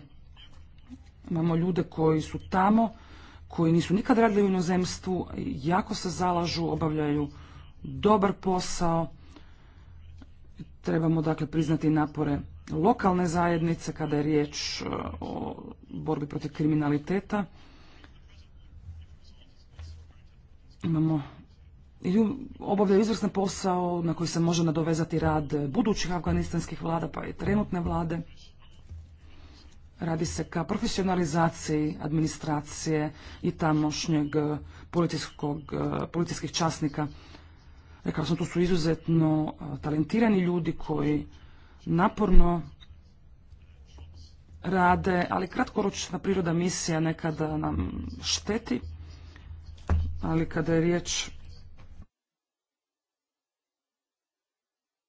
Imamo ljude koji su tamo, koji nisu nikad radili u inozemstvu, jako se zalažu, obavljaju dobar posao. Trebamo dakle priznati napore lokalne zajednice kada je riječ e, o borbi protiv kriminaliteta. Imamo i obavljaju izvrstan posao na koji se može nadovezati rad budućih afganistanskih vlada pa i trenutne vlade. Radi se ka profesionalizaciji administracije i tamošnjeg eh, policijskog, eh, policijskih časnika. Rekao sam, to su izuzetno eh, talentirani ljudi koji naporno rade, ali kratkoročna priroda misija nekada nam mhm. šteti, ali kada je riječ...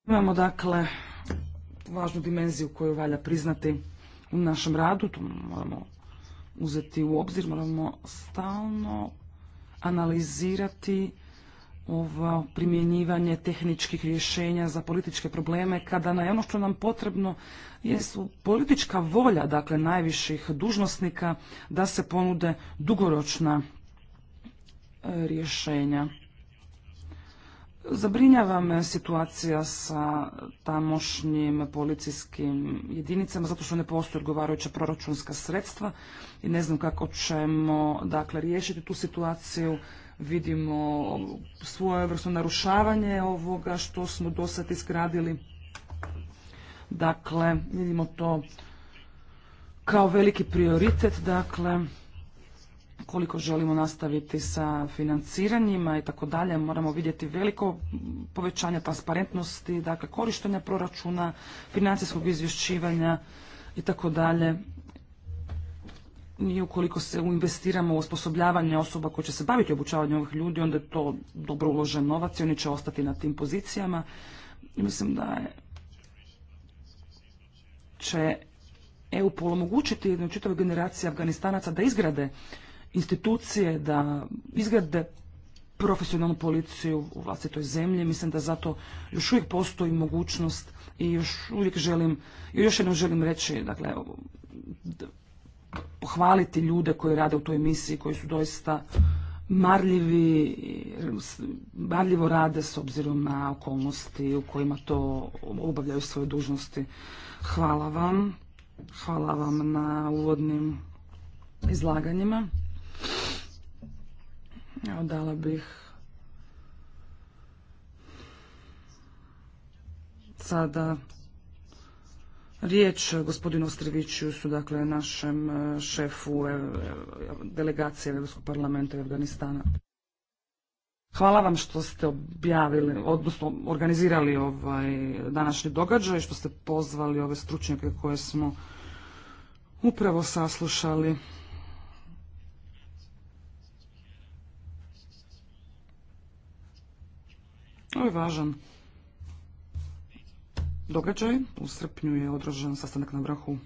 Imamo dakle važnu dimenziju koju valja priznati u našem radu, to moramo uzeti u obzir, moramo stalno analizirati ovo primjenjivanje tehničkih rješenja za političke probleme, kada na ono što nam potrebno jesu politička volja, dakle, najviših dužnosnika da se ponude dugoročna e, rješenja. Zabrinjava me situacija sa tamošnjim policijskim jedinicama zato što ne postoje odgovarajuća proračunska sredstva i ne znam kako ćemo dakle riješiti tu situaciju. Vidimo svoje svojevrsno narušavanje ovoga što smo do sad izgradili. Dakle, vidimo to kao veliki prioritet, dakle koliko želimo nastaviti sa financiranjima i tako dalje, moramo vidjeti veliko povećanje transparentnosti, dakle korištenja proračuna, financijskog izvješćivanja i tako dalje. I ukoliko se investiramo u osposobljavanje osoba koje će se baviti obučavanjem ovih ljudi, onda je to dobro uložen novac i oni će ostati na tim pozicijama. mislim da je, će EU polomogućiti jednoj čitavoj generaciji Afganistanaca da izgrade institucije da izgrade profesionalnu policiju u vlastitoj zemlji. Mislim da zato još uvijek postoji mogućnost i još uvijek želim, još jednom želim reći, dakle, pohvaliti ljude koji rade u toj misiji, koji su doista marljivi, marljivo rade s obzirom na okolnosti u kojima to obavljaju svoje dužnosti. Hvala vam. Hvala vam na uvodnim izlaganjima. Evo, dala bih sada riječ gospodinu Ostreviću dakle našem e, šefu e, delegacije Europskog parlamenta i Afganistana. Hvala vam što ste objavili, odnosno organizirali ovaj današnji događaj, što ste pozvali ove stručnjake koje smo upravo saslušali. To je važan događaj. U srpnju je održan sastanak na vrhu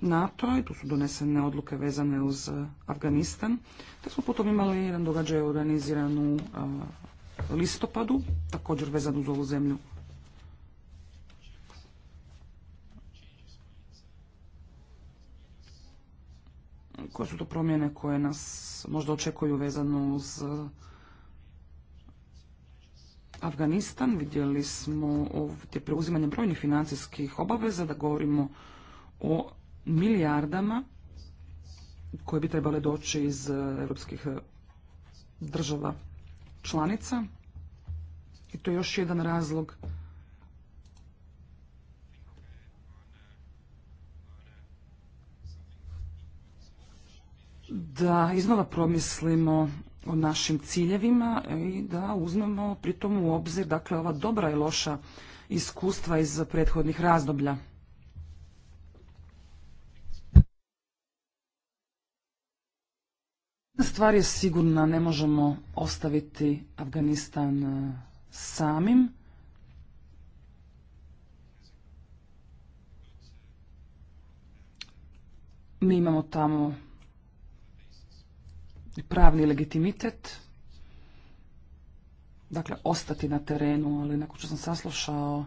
NATO i tu su donesene odluke vezane uz e, Afganistan. te smo potom imali jedan događaj organiziran u e, listopadu, također vezan uz ovu zemlju. Koje su to promjene koje nas možda očekuju vezano uz e, Afganistan. Vidjeli smo ovdje preuzimanje brojnih financijskih obaveza, da govorimo o milijardama koje bi trebale doći iz e, europskih e, država članica. I to je još jedan razlog da iznova promislimo o našim ciljevima i da uzmemo pritom u obzir dakle ova dobra i loša iskustva iz prethodnih razdoblja. Stvar je sigurna, ne možemo ostaviti Afganistan e, samim. Mi imamo tamo pravni legitimitet, dakle ostati na terenu, ali nakon što sam saslušao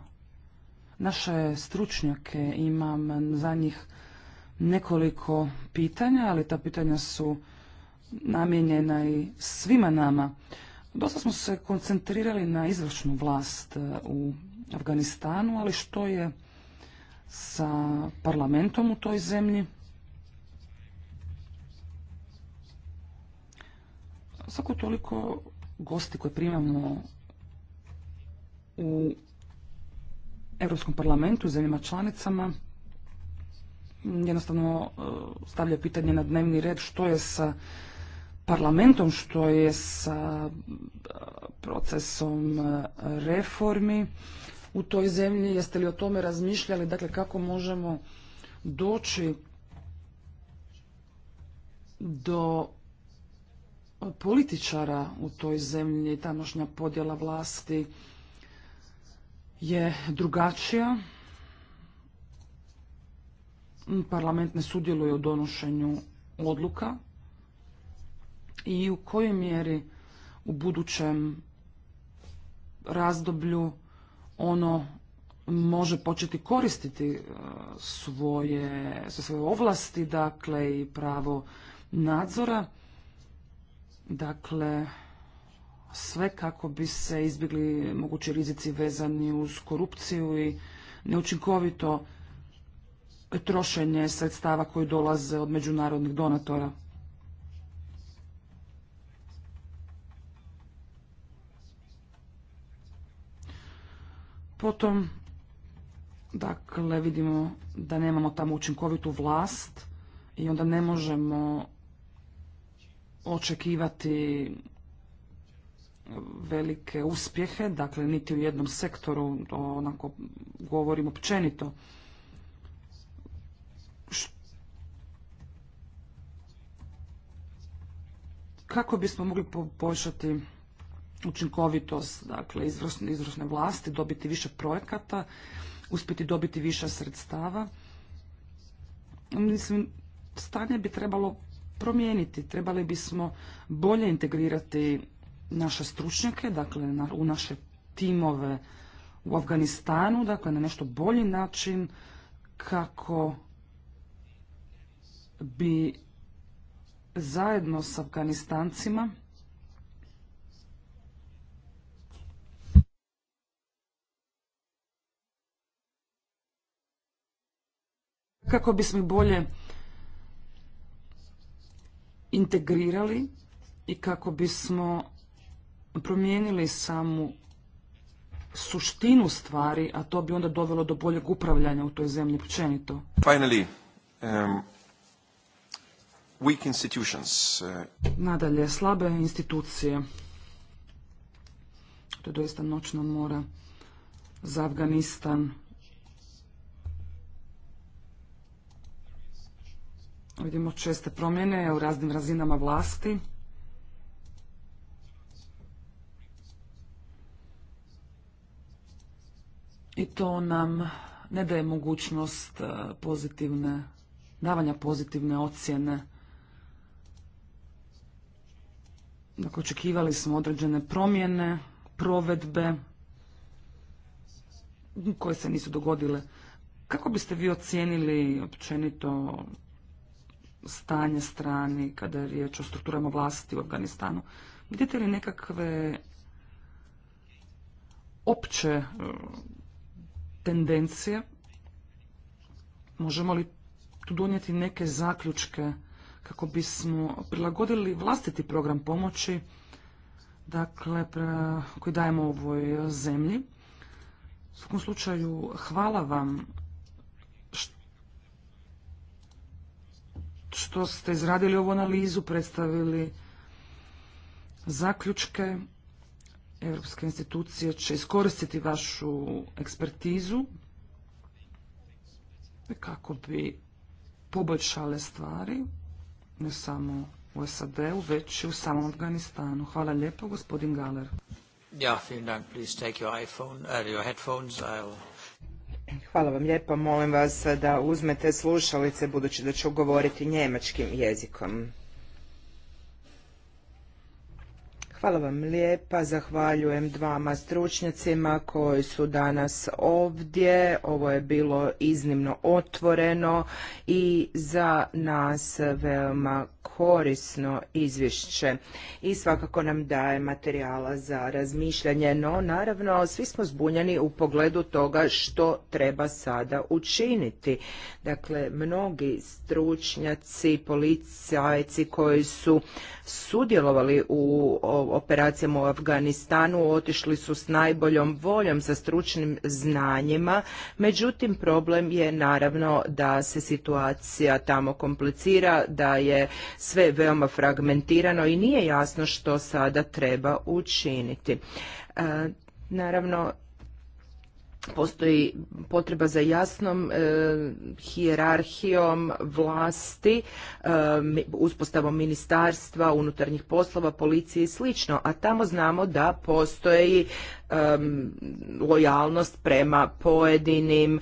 naše stručnjake, imam za njih nekoliko pitanja, ali ta pitanja su namijenjena i svima nama. Dosta smo se koncentrirali na izvršnu vlast e, u Afganistanu, ali što je sa parlamentom u toj zemlji? Svako toliko gosti koje primamo u Europskom parlamentu, zemljama članicama, jednostavno e, stavlja pitanje na dnevni red što je sa parlamentom, što je sa e, procesom e, reformi u toj zemlji, jeste li o tome razmišljali, dakle kako možemo doći do političara u toj zemlji, tamošnja podjela vlasti je drugačija. Parlament ne sudjeluje u donošenju odluka i u kojoj mjeri u budućem razdoblju ono može početi koristiti e, svoje, svoje ovlasti, dakle i pravo nadzora. Dakle, sve kako bi se izbjegli mogući rizici vezani uz korupciju i neučinkovito trošenje sredstava koji dolaze od međunarodnih donatora. Potom, dakle, vidimo da nemamo tamo učinkovitu vlast i onda ne možemo očekivati velike uspjehe, dakle niti u jednom sektoru, onako govorim općenito. Kako bismo mogli poboljšati učinkovitost dakle, izvršne, izvršne vlasti, dobiti više projekata, uspjeti dobiti više sredstava. Mislim, stanje bi trebalo promijeniti. Trebali bismo bolje integrirati naše stručnjake, dakle u naše timove u Afganistanu, dakle na nešto bolji način kako bi zajedno s Afganistancima kako bismo bolje integrirali i kako bismo promijenili samu suštinu stvari, a to bi onda dovelo do boljeg upravljanja u toj zemlji općenito. Finally, um, weak institutions. Uh, Nadalje, slabe institucije. To je doista noćna mora za Afganistan. Vidimo česte promjene u raznim razinama vlasti. I to nam ne daje mogućnost e, pozitivne, davanja pozitivne ocjene. Dakle, očekivali smo određene promjene, provedbe koje se nisu dogodile. Kako biste vi ocijenili općenito stanje strani kada je riječ o strukturama vlasti u Afganistanu. Vidite li nekakve opće e, tendencije? Možemo li tu donijeti neke zaključke kako bismo prilagodili vlastiti program pomoći dakle, koji dajemo ovoj zemlji? U svakom slučaju, hvala vam što ste izradili ovu analizu, predstavili zaključke. Europske institucije će iskoristiti vašu ekspertizu kako bi poboljšale stvari, ne samo u SAD-u, već i u samom Afganistanu. Hvala lijepo, gospodin Galer. Ja, Hvala vam lijepa. Molim vas da uzmete slušalice budući da ću govoriti njemačkim jezikom. Hvala vam lijepa, zahvaljujem dvama stručnjacima koji su danas ovdje. Ovo je bilo iznimno otvoreno i za nas veoma korisno izvješće i svakako nam daje materijala za razmišljanje, no naravno svi smo zbunjeni u pogledu toga što treba sada učiniti. Dakle, mnogi stručnjaci, policajci koji su sudjelovali u operacijama u Afganistanu otišli su s najboljom voljom sa stručnim znanjima, međutim problem je naravno da se situacija tamo komplicira, da je sve veoma fragmentirano i nije jasno što sada treba učiniti. E, naravno, postoji potreba za jasnom e, hijerarhijom vlasti, e, uspostavom ministarstva, unutarnjih poslova, policije i slično, a tamo znamo da postoji lojalnost prema pojedinim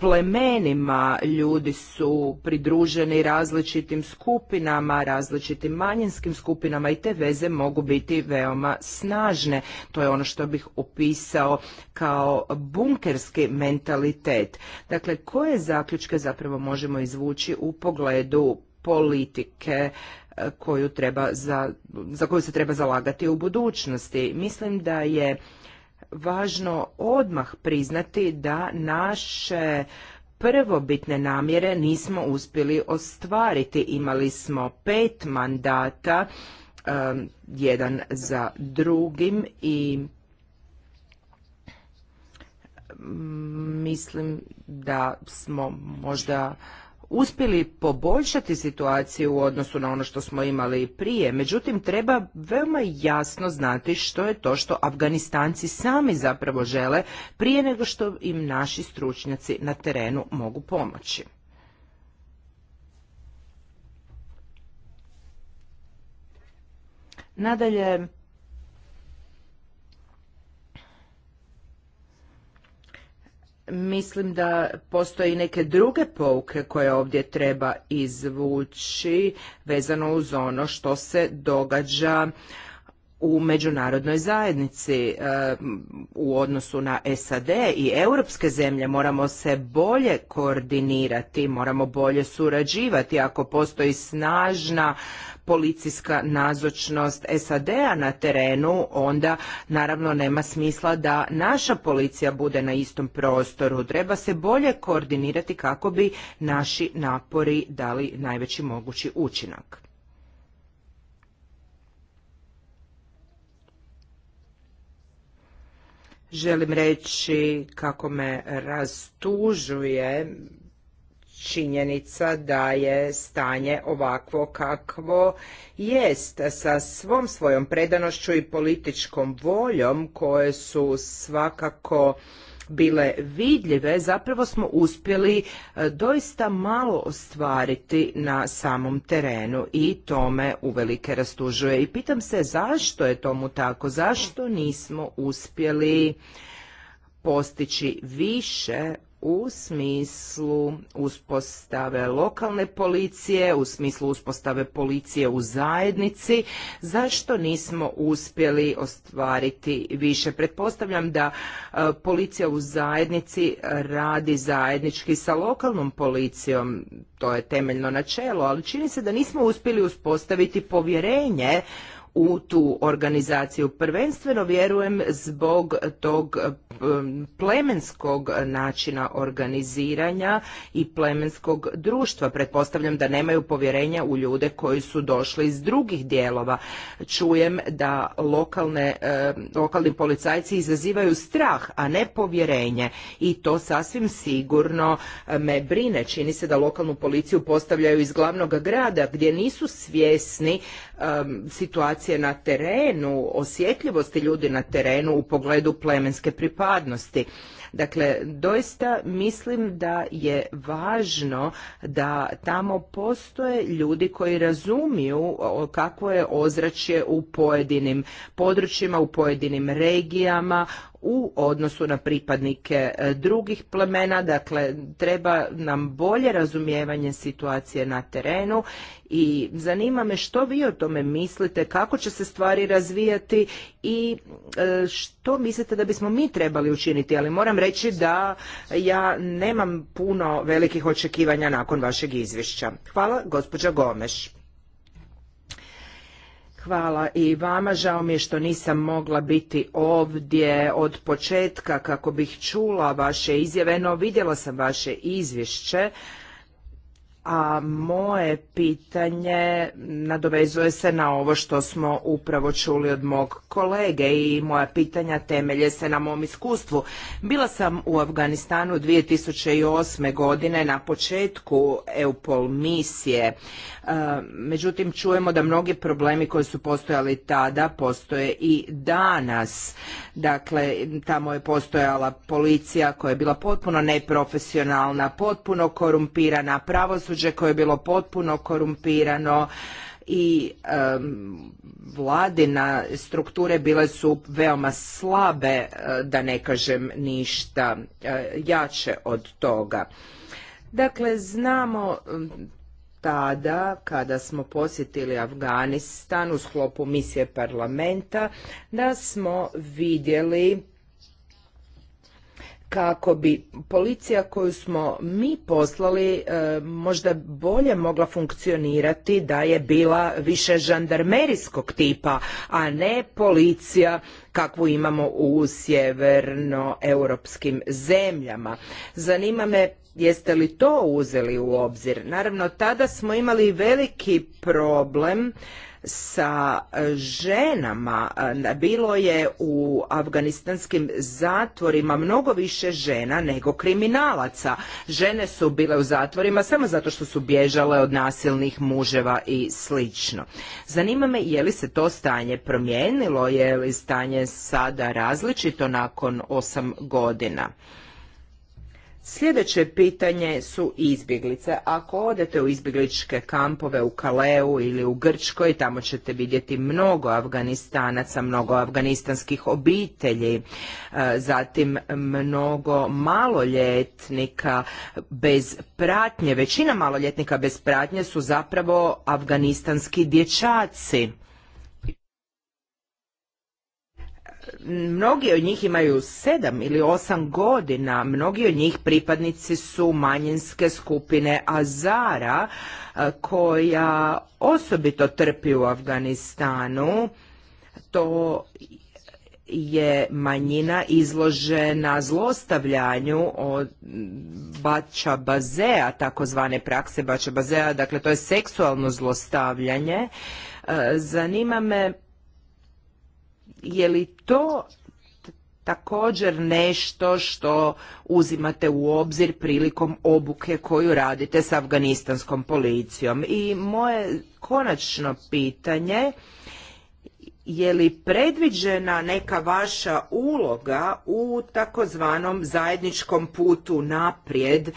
plemenima, ljudi su pridruženi različitim skupinama, različitim manjinskim skupinama i te veze mogu biti veoma snažne. To je ono što bih opisao kao bunkerski mentalitet. Dakle, koje zaključke zapravo možemo izvući u pogledu politike e, koju treba za, za koju se treba zalagati u budućnosti. Mislim da je važno odmah priznati da naše prvobitne namjere nismo uspjeli ostvariti. Imali smo pet mandata, jedan za drugim i mm, mislim da smo možda uspjeli poboljšati situaciju u odnosu na ono što smo imali prije. Međutim, treba veoma jasno znati što je to što Afganistanci sami zapravo žele prije nego što im naši stručnjaci na terenu mogu pomoći. Nadalje, Mislim da postoje i neke druge pouke koje ovdje treba izvući vezano uz ono što se događa u međunarodnoj zajednici e, u odnosu na SAD i europske zemlje moramo se bolje koordinirati, moramo bolje surađivati ako postoji snažna policijska nazočnost SAD-a na terenu, onda naravno nema smisla da naša policija bude na istom prostoru. Treba se bolje koordinirati kako bi naši napori dali najveći mogući učinak. Želim reći kako me rastužuje činjenica da je stanje ovakvo kakvo jest sa svom svojom predanošću i političkom voljom koje su svakako bile vidljive, zapravo smo uspjeli e, doista malo ostvariti na samom terenu i tome me uvelike rastužuje. I pitam se zašto je tomu tako, zašto nismo uspjeli postići više u smislu uspostave lokalne policije, u smislu uspostave policije u zajednici, zašto nismo uspjeli ostvariti više. Pretpostavljam da e, policija u zajednici radi zajednički sa lokalnom policijom, to je temeljno načelo, ali čini se da nismo uspjeli uspostaviti povjerenje u tu organizaciju. Prvenstveno vjerujem zbog tog plemenskog načina organiziranja i plemenskog društva. Pretpostavljam da nemaju povjerenja u ljude koji su došli iz drugih dijelova. Čujem da lokalne, e, lokalni policajci izazivaju strah, a ne povjerenje i to sasvim sigurno me brine. Čini se da lokalnu policiju postavljaju iz glavnog grada gdje nisu svjesni situacije na terenu, osjetljivosti ljudi na terenu u pogledu plemenske pripadnosti. Dakle, doista mislim da je važno da tamo postoje ljudi koji razumiju kako je ozračje u pojedinim područjima, u pojedinim regijama, u odnosu na pripadnike e, drugih plemena, dakle treba nam bolje razumijevanje situacije na terenu i zanima me što vi o tome mislite, kako će se stvari razvijati i e, što mislite da bismo mi trebali učiniti, ali moram reći da ja nemam puno velikih očekivanja nakon vašeg izvješća. Hvala, gospođa Gomeš. Hvala i vama. Žao mi je što nisam mogla biti ovdje od početka kako bih čula vaše izjave, no vidjela sam vaše izvješće a moje pitanje nadovezuje se na ovo što smo upravo čuli od mog kolege i moja pitanja temelje se na mom iskustvu. Bila sam u Afganistanu 2008. godine na početku EUPOL misije. E, međutim, čujemo da mnogi problemi koji su postojali tada postoje i danas. Dakle, tamo je postojala policija koja je bila potpuno neprofesionalna, potpuno korumpirana, pravosuđa koje je bilo potpuno korumpirano i um, vladina strukture bile su veoma slabe, e, da ne kažem ništa e, jače od toga. Dakle, znamo tada kada smo posjetili Afganistan u sklopu misije parlamenta da smo vidjeli kako bi policija koju smo mi poslali e, možda bolje mogla funkcionirati da je bila više žandarmerijskog tipa, a ne policija kakvu imamo u europskim zemljama. Zanima me jeste li to uzeli u obzir? Naravno, tada smo imali veliki problem sa e, ženama. E, bilo je u afganistanskim zatvorima mnogo više žena nego kriminalaca. Žene su bile u zatvorima samo zato što su bježale od nasilnih muževa i slično. Zanima me je li se to stanje promijenilo, je li stanje sada različito nakon osam godina? Sljedeće pitanje su izbjeglice. Ako odete u izbjegličke kampove u Kaleu ili u Grčkoj, tamo ćete vidjeti mnogo Afganistanaca, mnogo afganistanskih obitelji, e, zatim mnogo maloljetnika bez pratnje. Većina maloljetnika bez pratnje su zapravo afganistanski dječaci. Mnogi od njih imaju sedam ili osam godina, mnogi od njih pripadnici su manjinske skupine Azara e, koja osobito trpi u Afganistanu. To je manjina izložena zlostavljanju od bača bazea, takozvane prakse bača bazea, dakle to je seksualno zlostavljanje. E, zanima me je li to također nešto što uzimate u obzir prilikom obuke koju radite s afganistanskom policijom. I moje konačno pitanje je li predviđena neka vaša uloga u takozvanom zajedničkom putu naprijed e,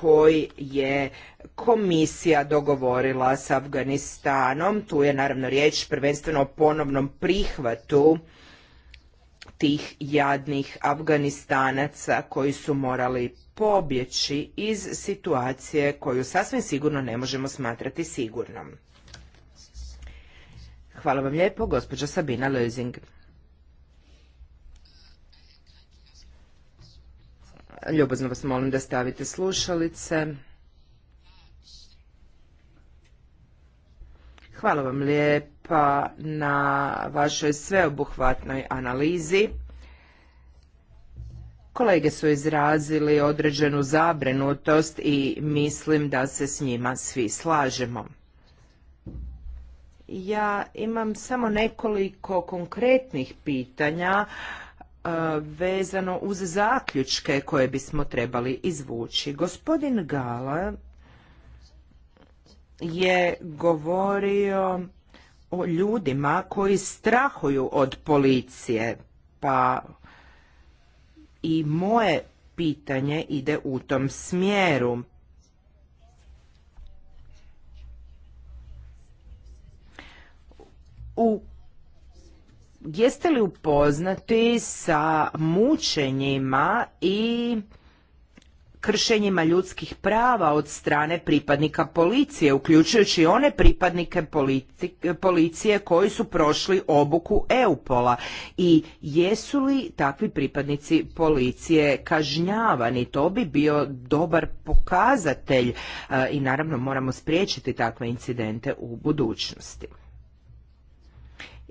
koji je komisija dogovorila s Afganistanom. Tu je naravno riječ prvenstveno o ponovnom prihvatu tih jadnih Afganistanaca koji su morali pobjeći iz situacije koju sasvim sigurno ne možemo smatrati sigurnom. Hvala vam lijepo, gospođa Sabina ljubazno vas molim da stavite slušalice. Hvala vam lijepa na vašoj sveobuhvatnoj analizi. Kolege su izrazili određenu zabrinutost i mislim da se s njima svi slažemo. Ja imam samo nekoliko konkretnih pitanja e, vezano uz zaključke koje bismo trebali izvući. Gospodin Gala je govorio o ljudima koji strahuju od policije, pa i moje pitanje ide u tom smjeru. U Jeste li upoznati sa mučenjima i kršenjima ljudskih prava od strane pripadnika policije, uključujući one pripadnike policije koji su prošli obuku Eupola i jesu li takvi pripadnici policije kažnjavani? To bi bio dobar pokazatelj e, i naravno moramo spriječiti takve incidente u budućnosti.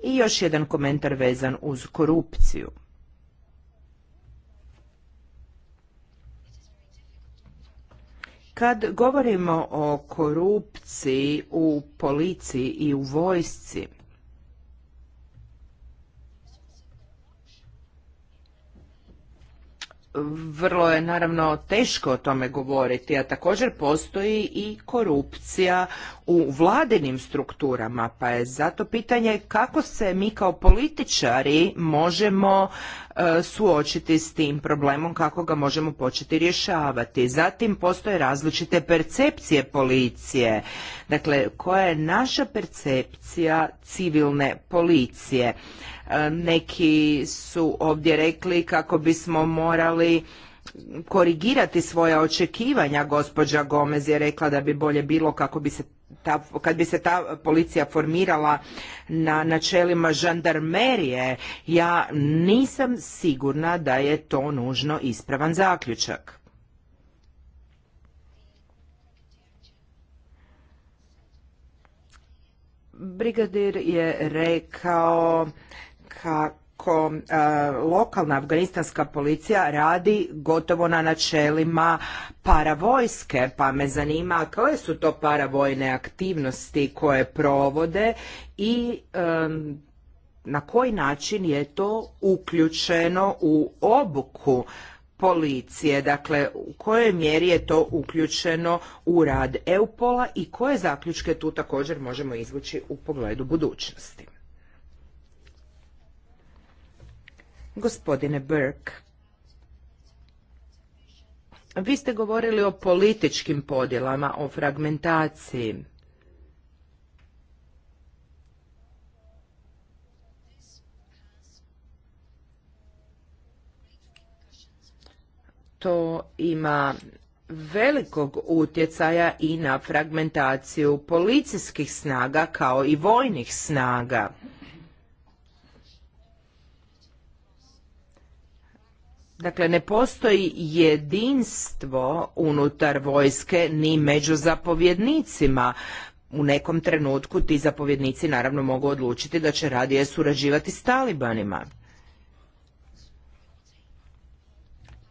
I još jedan komentar vezan uz korupciju. Kad govorimo o korupciji u policiji i u vojsci, vrlo je naravno teško o tome govoriti, a također postoji i korupcija u vladinim strukturama, pa je zato pitanje kako se mi kao političari možemo e, suočiti s tim problemom, kako ga možemo početi rješavati. Zatim postoje različite percepcije policije, dakle koja je naša percepcija civilne policije. Neki su ovdje rekli kako bismo morali korigirati svoja očekivanja. Gospođa Gomez je rekla da bi bolje bilo kako bi se kad bi se ta policija formirala na načelima žandarmerije, ja nisam sigurna da je to nužno ispravan zaključak. Brigadir je rekao kako e, lokalna afganistanska policija radi gotovo na načelima paravojske, pa me zanima koje su to paravojne aktivnosti koje provode i e, na koji način je to uključeno u obuku policije, dakle u kojoj mjeri je to uključeno u rad eupola i koje zaključke tu također možemo izvući u pogledu budućnosti. Gospodine Burke, vi ste govorili o političkim podjelama, o fragmentaciji. To ima velikog utjecaja i na fragmentaciju policijskih snaga kao i vojnih snaga. Dakle, ne postoji jedinstvo unutar vojske ni među zapovjednicima. U nekom trenutku ti zapovjednici naravno mogu odlučiti da će radije surađivati s talibanima.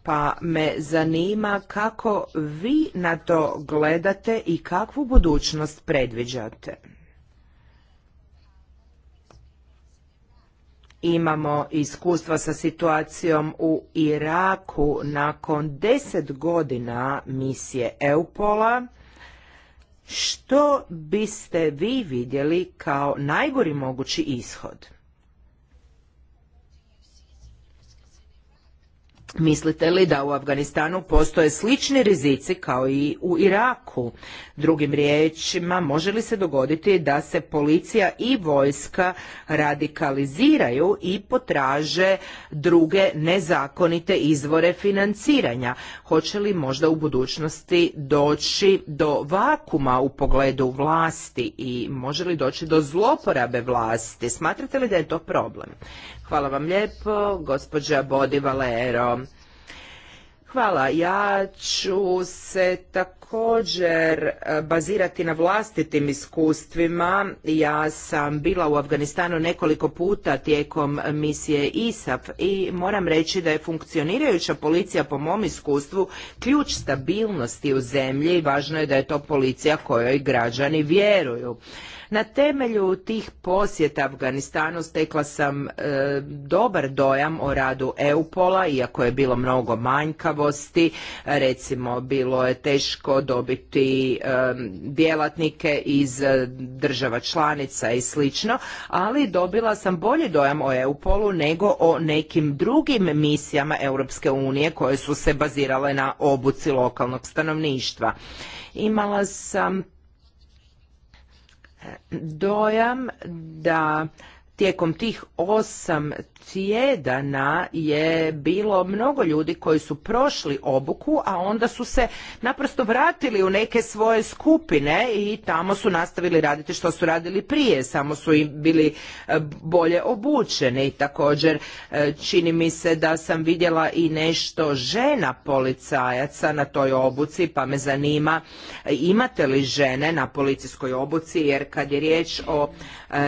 Pa me zanima kako vi na to gledate i kakvu budućnost predviđate. imamo iskustva sa situacijom u Iraku nakon deset godina misije Eupola. Što biste vi vidjeli kao najgori mogući ishod? Mislite li da u Afganistanu postoje slični rizici kao i u Iraku? Drugim riječima, može li se dogoditi da se policija i vojska radikaliziraju i potraže druge nezakonite izvore financiranja? Hoće li možda u budućnosti doći do vakuma u pogledu vlasti i može li doći do zloporabe vlasti? Smatrate li da je to problem? Hvala vam lijepo, gospođa Bodi Valero. Hvala. Ja ću se također e, bazirati na vlastitim iskustvima. Ja sam bila u Afganistanu nekoliko puta tijekom misije ISAF i moram reći da je funkcionirajuća policija po mom iskustvu ključ stabilnosti u zemlji i važno je da je to policija kojoj građani vjeruju. Na temelju tih posjeta Afganistanu stekla sam e, dobar dojam o radu Eupola, iako je bilo mnogo manjkavosti, recimo bilo je teško dobiti e, djelatnike iz država članica i slično, ali dobila sam bolji dojam o Eupolu nego o nekim drugim misijama Europske unije koje su se bazirale na obuci lokalnog stanovništva. Imala sam dojam da tijekom tih osam tjedana je bilo mnogo ljudi koji su prošli obuku, a onda su se naprosto vratili u neke svoje skupine i tamo su nastavili raditi što su radili prije, samo su im bili e, bolje obučeni. Također e, čini mi se da sam vidjela i nešto žena policajaca na toj obuci, pa me zanima e, imate li žene na policijskoj obuci, jer kad je riječ o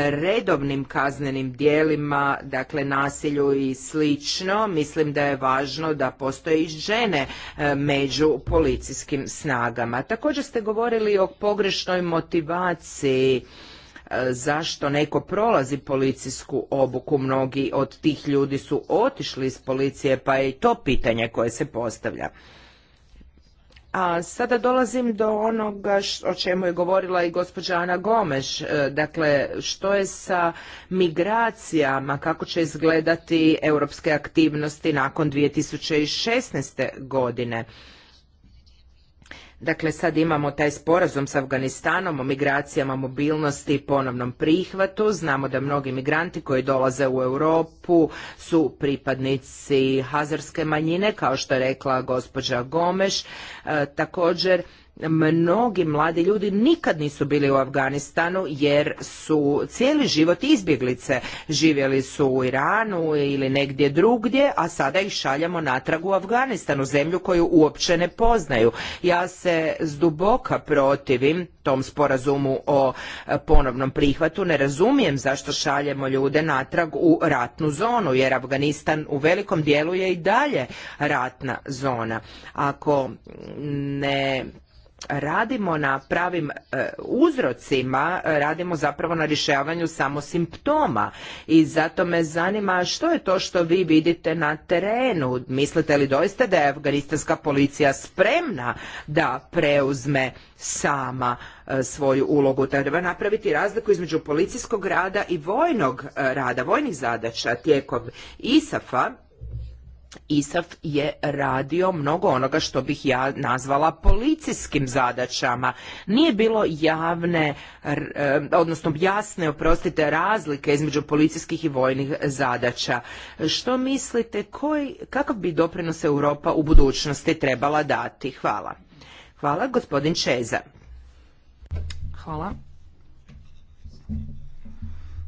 redovnim kaznenim dijelima, dakle na nasilju i slično, mislim da je važno da postoje i žene e, među policijskim snagama. Također ste govorili o pogrešnoj motivaciji e, zašto neko prolazi policijsku obuku. Mnogi od tih ljudi su otišli iz policije, pa je i to pitanje koje se postavlja. A sada dolazim do onoga o čemu je govorila i gospođa Ana Gomeš, e, dakle što je sa migracijama, kako će izgledati europske aktivnosti nakon 2016. godine. Dakle, sad imamo taj sporazum s Afganistanom o migracijama, mobilnosti i ponovnom prihvatu. Znamo da mnogi migranti koji dolaze u Europu su pripadnici hazarske manjine, kao što je rekla gospođa Gomeš. E, također, mnogi mladi ljudi nikad nisu bili u Afganistanu jer su cijeli život izbjeglice. Živjeli su u Iranu ili negdje drugdje, a sada ih šaljamo natrag u Afganistanu, zemlju koju uopće ne poznaju. Ja se zduboka protivim tom sporazumu o ponovnom prihvatu. Ne razumijem zašto šaljemo ljude natrag u ratnu zonu, jer Afganistan u velikom dijelu je i dalje ratna zona. Ako ne radimo na pravim e, uzrocima, e, radimo zapravo na rješavanju samo simptoma i zato me zanima što je to što vi vidite na terenu. Mislite li doista da je afganistanska policija spremna da preuzme sama e, svoju ulogu. Treba napraviti razliku između policijskog rada i vojnog rada, vojnih zadaća tijekom ISAF-a ISAF je radio mnogo onoga što bih ja nazvala policijskim zadaćama. Nije bilo javne, odnosno jasne, oprostite, razlike između policijskih i vojnih zadaća. Što mislite, koji, kakav bi doprinos Europa u budućnosti trebala dati? Hvala. Hvala, gospodin Čeza. Hvala.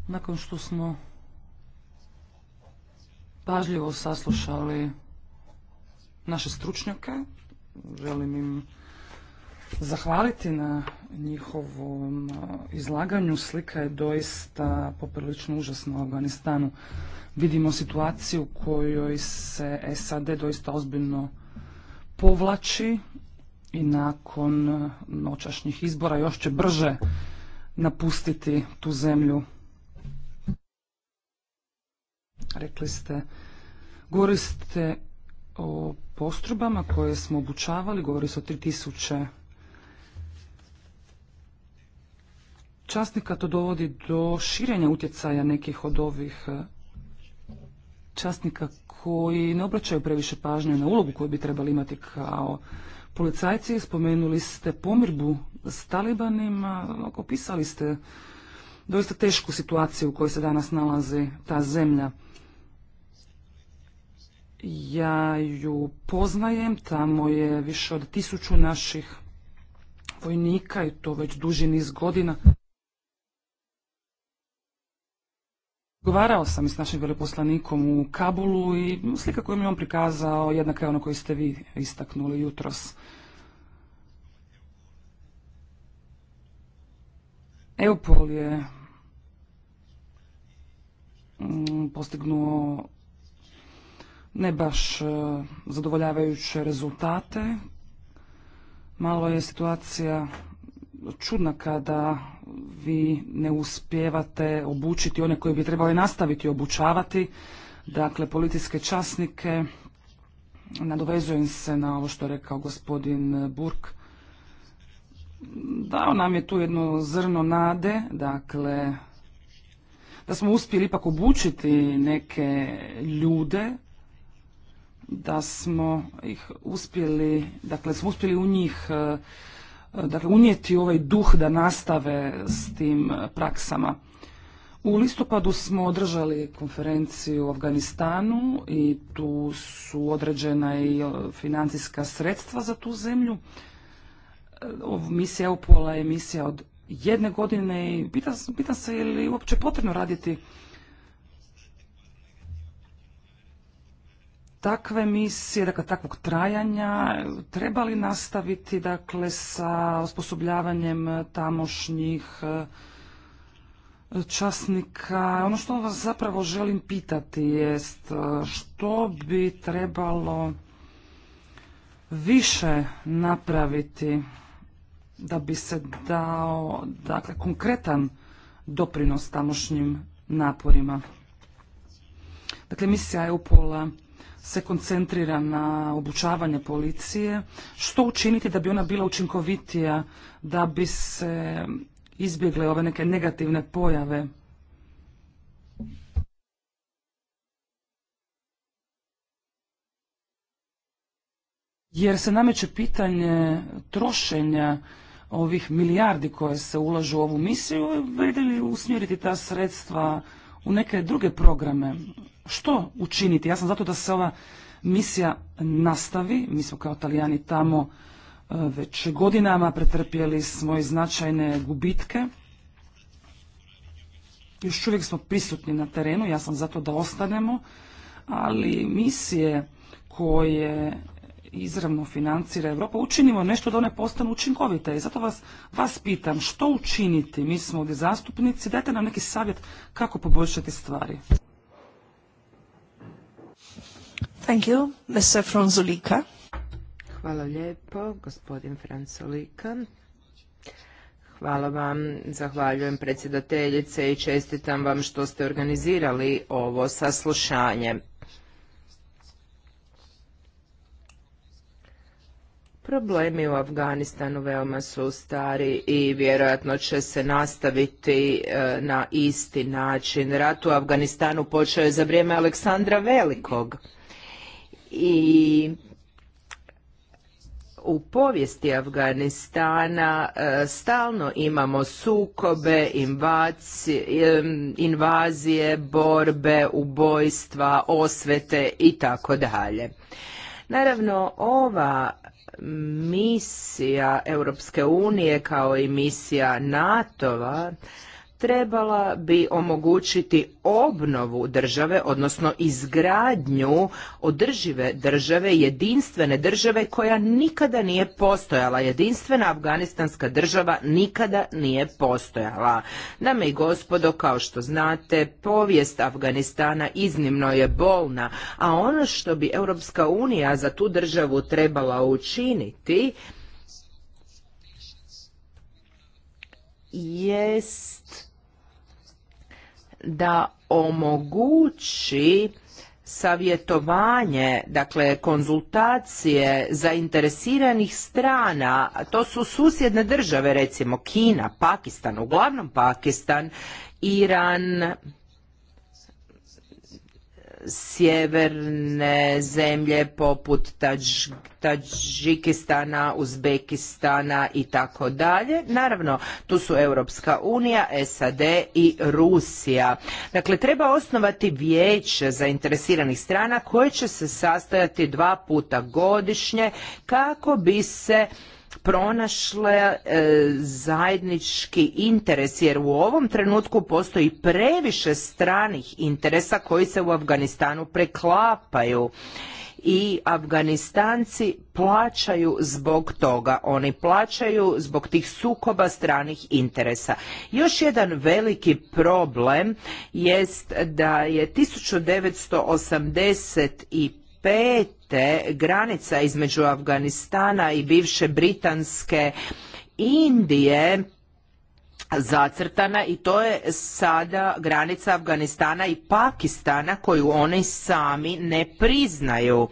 Nakon što smo pažljivo saslušali naše stručnjake. Želim im zahvaliti na njihovom izlaganju. Slika je doista poprilično užasna u Afganistanu. Vidimo situaciju u kojoj se SAD doista ozbiljno povlači i nakon noćašnjih izbora još će brže napustiti tu zemlju. Rekli ste, govorili ste o postrubama koje smo obučavali, govori se o 3000 časnika, to dovodi do širenja utjecaja nekih od ovih e, časnika koji ne obraćaju previše pažnje na ulogu koju bi trebali imati kao policajci. Spomenuli ste pomirbu s talibanima, opisali ste doista tešku situaciju u kojoj se danas nalazi ta zemlja. Ja ju poznajem, tamo je više od tisuću naših vojnika i to već duži niz godina. Govarao sam i s našim veleposlanikom u Kabulu i slika koju mi on prikazao jednaka je ona koju ste vi istaknuli jutros. Eupol je mm, postignuo ne baš e, zadovoljavajuće rezultate. Malo je situacija čudna kada vi ne uspijevate obučiti one koji bi trebali nastaviti obučavati, dakle policijske časnike. Nadovezujem se na ovo što je rekao gospodin Burk. Dao nam je tu jedno zrno nade, dakle da smo uspjeli ipak obučiti neke ljude da smo ih uspjeli, dakle smo uspjeli u njih e, dakle, unijeti ovaj duh da nastave s tim praksama. U listopadu smo održali konferenciju u Afganistanu i tu su određena i e, financijska sredstva za tu zemlju. E, misija Eupola je misija od jedne godine i pitan, se je li uopće potrebno raditi takve misije, dakle takvog trajanja, trebali nastaviti dakle sa osposobljavanjem tamošnjih eh, časnika. Ono što vas zapravo želim pitati jest eh, što bi trebalo više napraviti da bi se dao dakle, konkretan doprinos tamošnjim naporima. Dakle, misija je a se koncentrira na obučavanje policije, što učiniti da bi ona bila učinkovitija, da bi se izbjegle ove neke negativne pojave. Jer se nameće pitanje trošenja ovih milijardi koje se ulažu u ovu misiju, vrijedi li usmjeriti ta sredstva u neke druge programe. Što učiniti? Ja sam zato da se ova misija nastavi. Mi smo kao Talijani tamo e, već godinama pretrpjeli smo i značajne gubitke. Još uvijek smo prisutni na terenu, ja sam zato da ostanemo, ali misije koje izravno financira Europa, učinimo nešto da one postanu učinkovite. I zato vas, vas pitam, što učiniti? Mi smo ovdje zastupnici, dajte nam neki savjet kako poboljšati stvari. Thank you, Mr. Franzolika. Hvala lijepo, gospodin Franzolika. Hvala vam, zahvaljujem predsjedateljice i čestitam vam što ste organizirali ovo saslušanje. Problemi u Afganistanu veoma su stari i vjerojatno će se nastaviti e, na isti način. Rat u Afganistanu počeo je za vrijeme Aleksandra Velikog i u povijesti Afganistana e, stalno imamo sukobe, invazije, borbe, ubojstva, osvete i tako dalje. Naravno, ova misija Europske unije kao i misija NATO-a trebala bi omogućiti obnovu države, odnosno izgradnju održive države, jedinstvene države koja nikada nije postojala. Jedinstvena afganistanska država nikada nije postojala. Dame i gospodo, kao što znate, povijest Afganistana iznimno je bolna, a ono što bi Europska unija za tu državu trebala učiniti jest da omogući savjetovanje, dakle konzultacije zainteresiranih strana, to su susjedne države recimo Kina, Pakistan, uglavnom Pakistan, Iran, sjeverne zemlje poput Tadžikistana, Uzbekistana i tako dalje. Naravno, tu su Europska unija, SAD i Rusija. Dakle, treba osnovati vijeće zainteresiranih strana koje će se sastojati dva puta godišnje kako bi se pronašle e, zajednički interes jer u ovom trenutku postoji previše stranih interesa koji se u Afganistanu preklapaju i Afganistanci plaćaju zbog toga. Oni plaćaju zbog tih sukoba stranih interesa. Još jedan veliki problem jest da je 1985 pete granica između Afganistana i bivše britanske Indije zacrtana i to je sada granica Afganistana i Pakistana koju oni sami ne priznaju.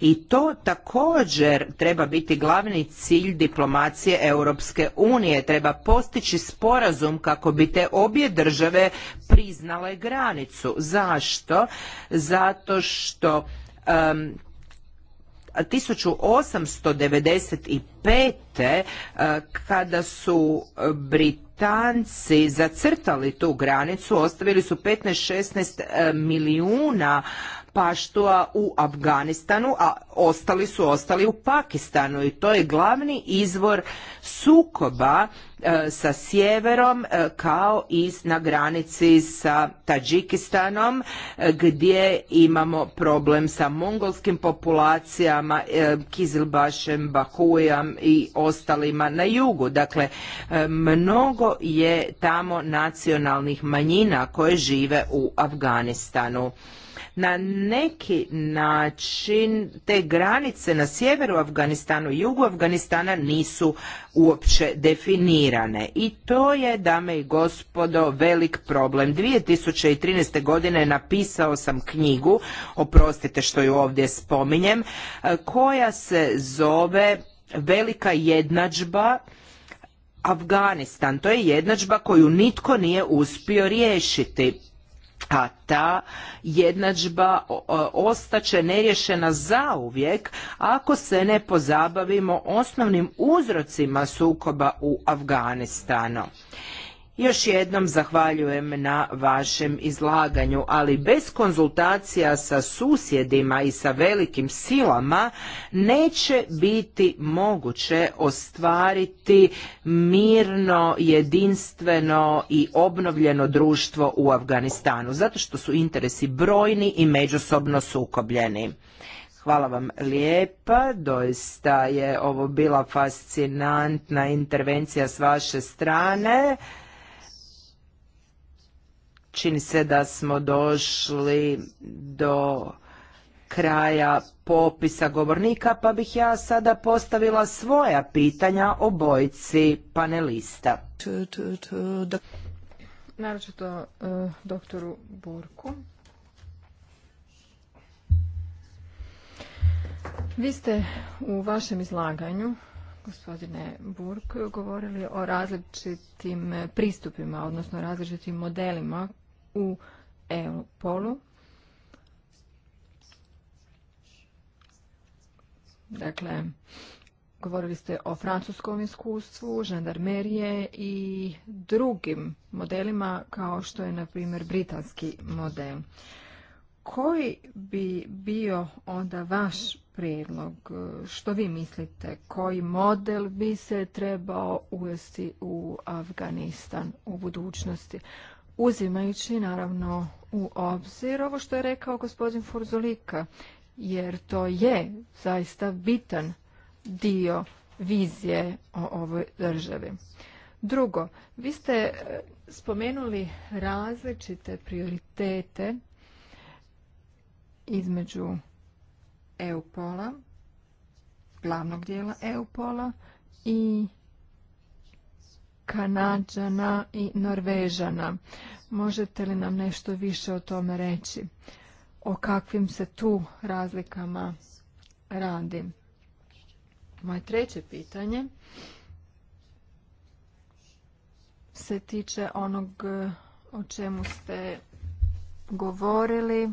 I to također treba biti glavni cilj diplomacije Europske unije. Treba postići sporazum kako bi te obje države priznale granicu. Zašto? Zato što u 1895. Eh, kada su Britanci zacrtali tu granicu, ostavili su 15-16 eh, milijuna paštua u Afganistanu, a ostali su ostali u Pakistanu i to je glavni izvor sukoba E, sa sjeverom e, kao i na granici sa Tadžikistanom e, gdje imamo problem sa mongolskim populacijama, Kizilbašem, Bahujam i ostalima na jugu. Dakle, mnogo je tamo nacionalnih manjina koje žive u Afganistanu na neki način te granice na sjeveru Afganistanu i jugu Afganistana nisu uopće definirane. I to je, dame i gospodo, velik problem. 2013. godine napisao sam knjigu, oprostite što ju ovdje spominjem, koja se zove Velika jednadžba Afganistan. To je jednadžba koju nitko nije uspio riješiti a ta jednadžba ostaće neriješena zauvijek ako se ne pozabavimo osnovnim uzrocima sukoba u Afganistanu. Još jednom zahvaljujem na vašem izlaganju, ali bez konzultacija sa susjedima i sa velikim silama neće biti moguće ostvariti mirno, jedinstveno i obnovljeno društvo u Afganistanu, zato što su interesi brojni i međusobno sukobljeni. Hvala vam lijepa, doista je ovo bila fascinantna intervencija s vaše strane čini se da smo došli do kraja popisa govornika, pa bih ja sada postavila svoja pitanja obojici panelista. Naročito uh, doktoru Borku. Vi ste u vašem izlaganju, gospodine Burk, govorili o različitim pristupima, odnosno različitim modelima u Europolu. Dakle, govorili ste o francuskom iskustvu, žandarmerije i drugim modelima kao što je, na primjer, britanski model. Koji bi bio onda vaš prijedlog? Što vi mislite? Koji model bi se trebao uvesti u Afganistan u budućnosti? uzimajući naravno u obzir ovo što je rekao gospodin Furzulika, jer to je zaista bitan dio vizije o ovoj državi. Drugo, vi ste e, spomenuli različite prioritete između EU-pola, glavnog dijela EU pola i Kanadžana i Norvežana. Možete li nam nešto više o tome reći? O kakvim se tu razlikama radi? Moje treće pitanje se tiče onog eh, o čemu ste govorili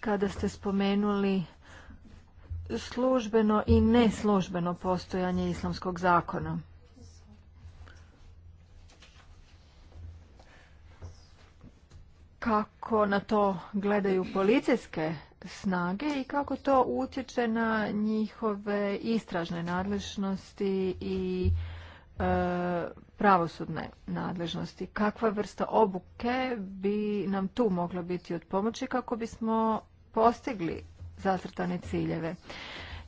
kada ste spomenuli službeno i neslužbeno postojanje islamskog zakona. Kako na to gledaju policijske snage i kako to utječe na njihove istražne nadležnosti i e, pravosudne nadležnosti. Kakva vrsta obuke bi nam tu mogla biti od pomoći kako bismo postigli zacrtane ciljeve.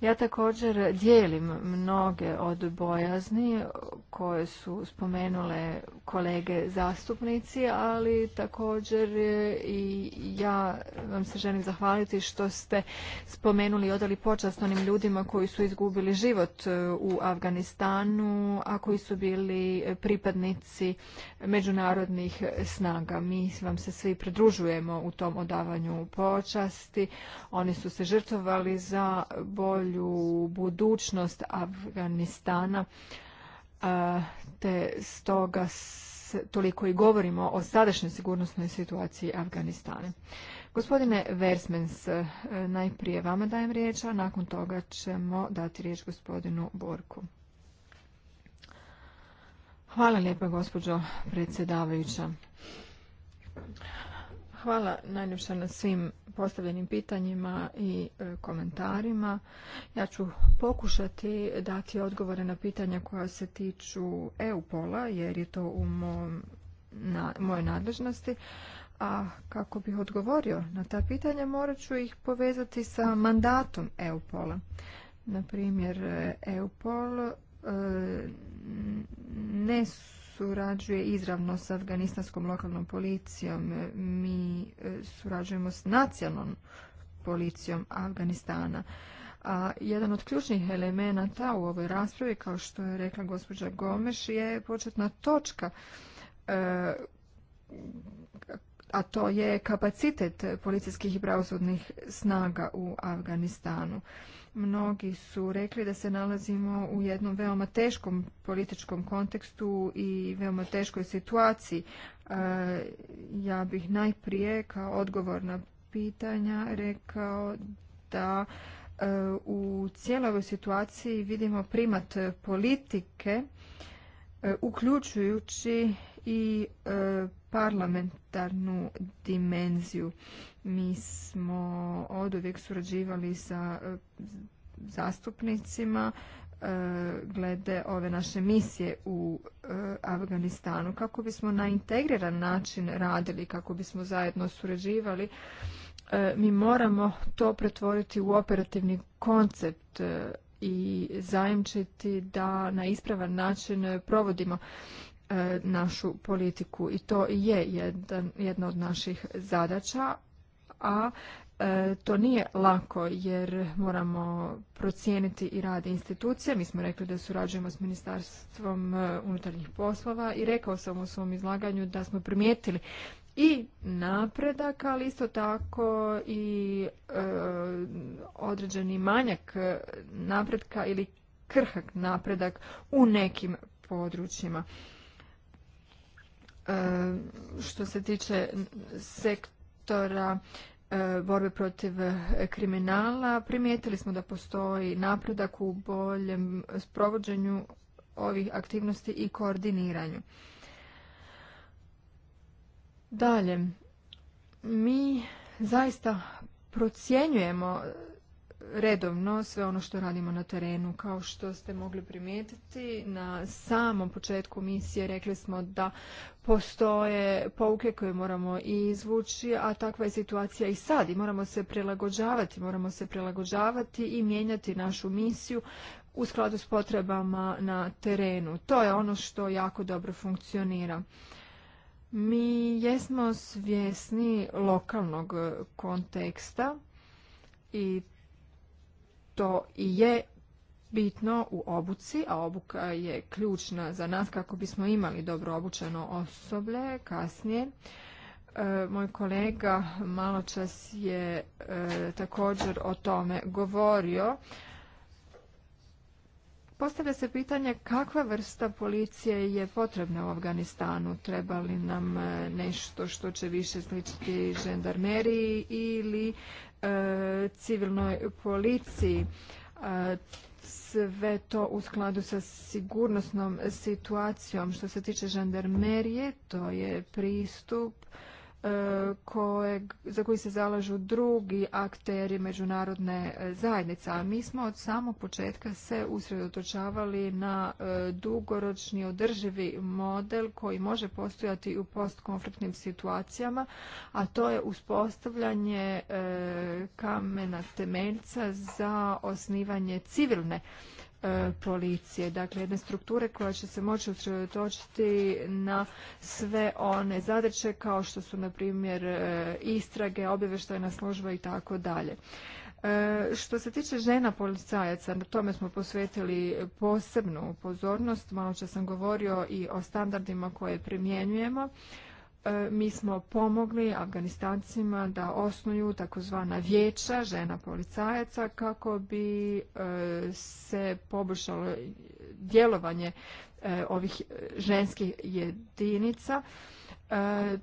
Ja također dijelim mnoge od bojazni koje su spomenule kolege zastupnici, ali također i ja vam se želim zahvaliti što ste spomenuli i odali počast onim ljudima koji su izgubili život u Afganistanu, a koji su bili pripadnici međunarodnih snaga. Mi vam se svi pridružujemo u tom odavanju počasti. Oni su se žrtvovali za bolj bolju budućnost Afganistana te stoga toliko i govorimo o sadašnjoj sigurnosnoj situaciji Afganistana. Gospodine Versmens, e, najprije vama dajem riječ, a nakon toga ćemo dati riječ gospodinu Borku. Hvala lijepa gospođo predsjedavajuća. Hvala najljepša na svim postavljenim pitanjima i e, komentarima. Ja ću pokušati dati odgovore na pitanja koja se tiču EU-pola, jer je to u mojoj nadležnosti. A kako bih odgovorio na ta pitanja, morat ću ih povezati sa mandatom EU-pola. Naprimjer, EU-pol e, ne su surađuje izravno s afganistanskom lokalnom policijom. Mi e, surađujemo s nacionalnom policijom Afganistana. A jedan od ključnih elemenata u ovoj raspravi, kao što je rekla gospođa Gomeš, je početna točka e, a to je kapacitet policijskih i pravosudnih snaga u Afganistanu. Mnogi su rekli da se nalazimo u jednom veoma teškom političkom kontekstu i veoma teškoj situaciji. E, ja bih najprije kao odgovor na pitanja rekao da e, u cijeloj situaciji vidimo primat politike e, uključujući i parlamentarnu dimenziju mi smo od uvijek surađivali sa e, zastupnicima e, glede ove naše misije u e, Afganistanu kako bismo na integriran način radili, kako bismo zajedno surađivali mi moramo to pretvoriti u operativni koncept i zajemčiti da na ispravan način provodimo našu politiku i to je jedna od naših zadaća a e, to nije lako jer moramo procijeniti i rad institucija. Mi smo rekli da surađujemo s Ministarstvom e, unutarnjih poslova i rekao sam u svom izlaganju da smo primijetili i napredak, ali isto tako i e, određeni manjak napredka ili krhak napredak u nekim područjima. što se tiče sektora E, borbe protiv kriminala. Primijetili smo da postoji napredak u boljem sprovođenju ovih aktivnosti i koordiniranju. Dalje, mi zaista procjenjujemo redovno sve ono što radimo na terenu. Kao što ste mogli primijetiti, na samom početku misije rekli smo da postoje pouke koje moramo izvući, a takva je situacija i sad i moramo se prilagođavati, moramo se prilagođavati i mijenjati našu misiju u skladu s potrebama na terenu. To je ono što jako dobro funkcionira. Mi jesmo svjesni lokalnog konteksta i to i je bitno u obuci, a obuka je ključna za nas kako bismo imali dobro obučeno osoblje kasnije. E, moj kolega maločas je e, također o tome govorio. Postavlja se pitanje kakva vrsta policije je potrebna u Afganistanu. Treba li nam e, nešto što će više sličiti žendarmeriji ili E, civilnoj policiji e, sve to u skladu sa sigurnosnom situacijom što se tiče žandarmerije to je pristup E, kojeg, za koji se zalažu drugi akteri međunarodne e, zajednice. A mi smo od samog početka se usredotočavali na e, dugoročni održivi model koji može postojati u postkonfliktnim situacijama, a to je uspostavljanje kamena temeljca za osnivanje civilne E, policije. Dakle, jedne strukture koja će se moći usredotočiti na sve one zadaće kao što su, na primjer, e, istrage, objeveštajna služba i tako dalje. E, što se tiče žena policajaca, na tome smo posvetili posebnu pozornost. Malo sam govorio i o standardima koje primjenjujemo. E, mi smo pomogli Afganistancima da osnuju takozvana vijeća žena policajaca kako bi e, se poboljšalo djelovanje e, ovih ženskih jedinica.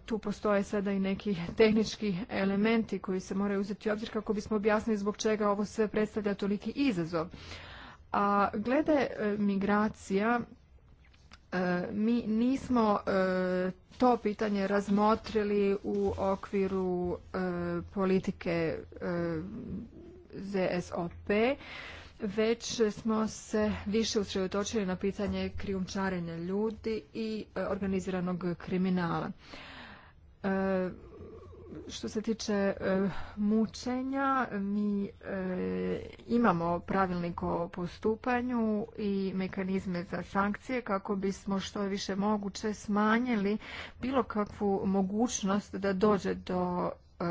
Tu postoje sada i neki tehnički elementi koji se moraju uzeti u obzir kako bismo objasnili zbog čega ovo sve predstavlja toliki izazov. A glede migracija E, mi nismo e, to pitanje razmotrili u okviru e, politike ZSOP, već smo se više usredotočili na pitanje krijumčarenja ljudi i organiziranog kriminala što se tiče e, mučenja, mi e, imamo pravilnik o postupanju i mekanizme za sankcije kako bismo što je više moguće smanjili bilo kakvu mogućnost da dođe do e,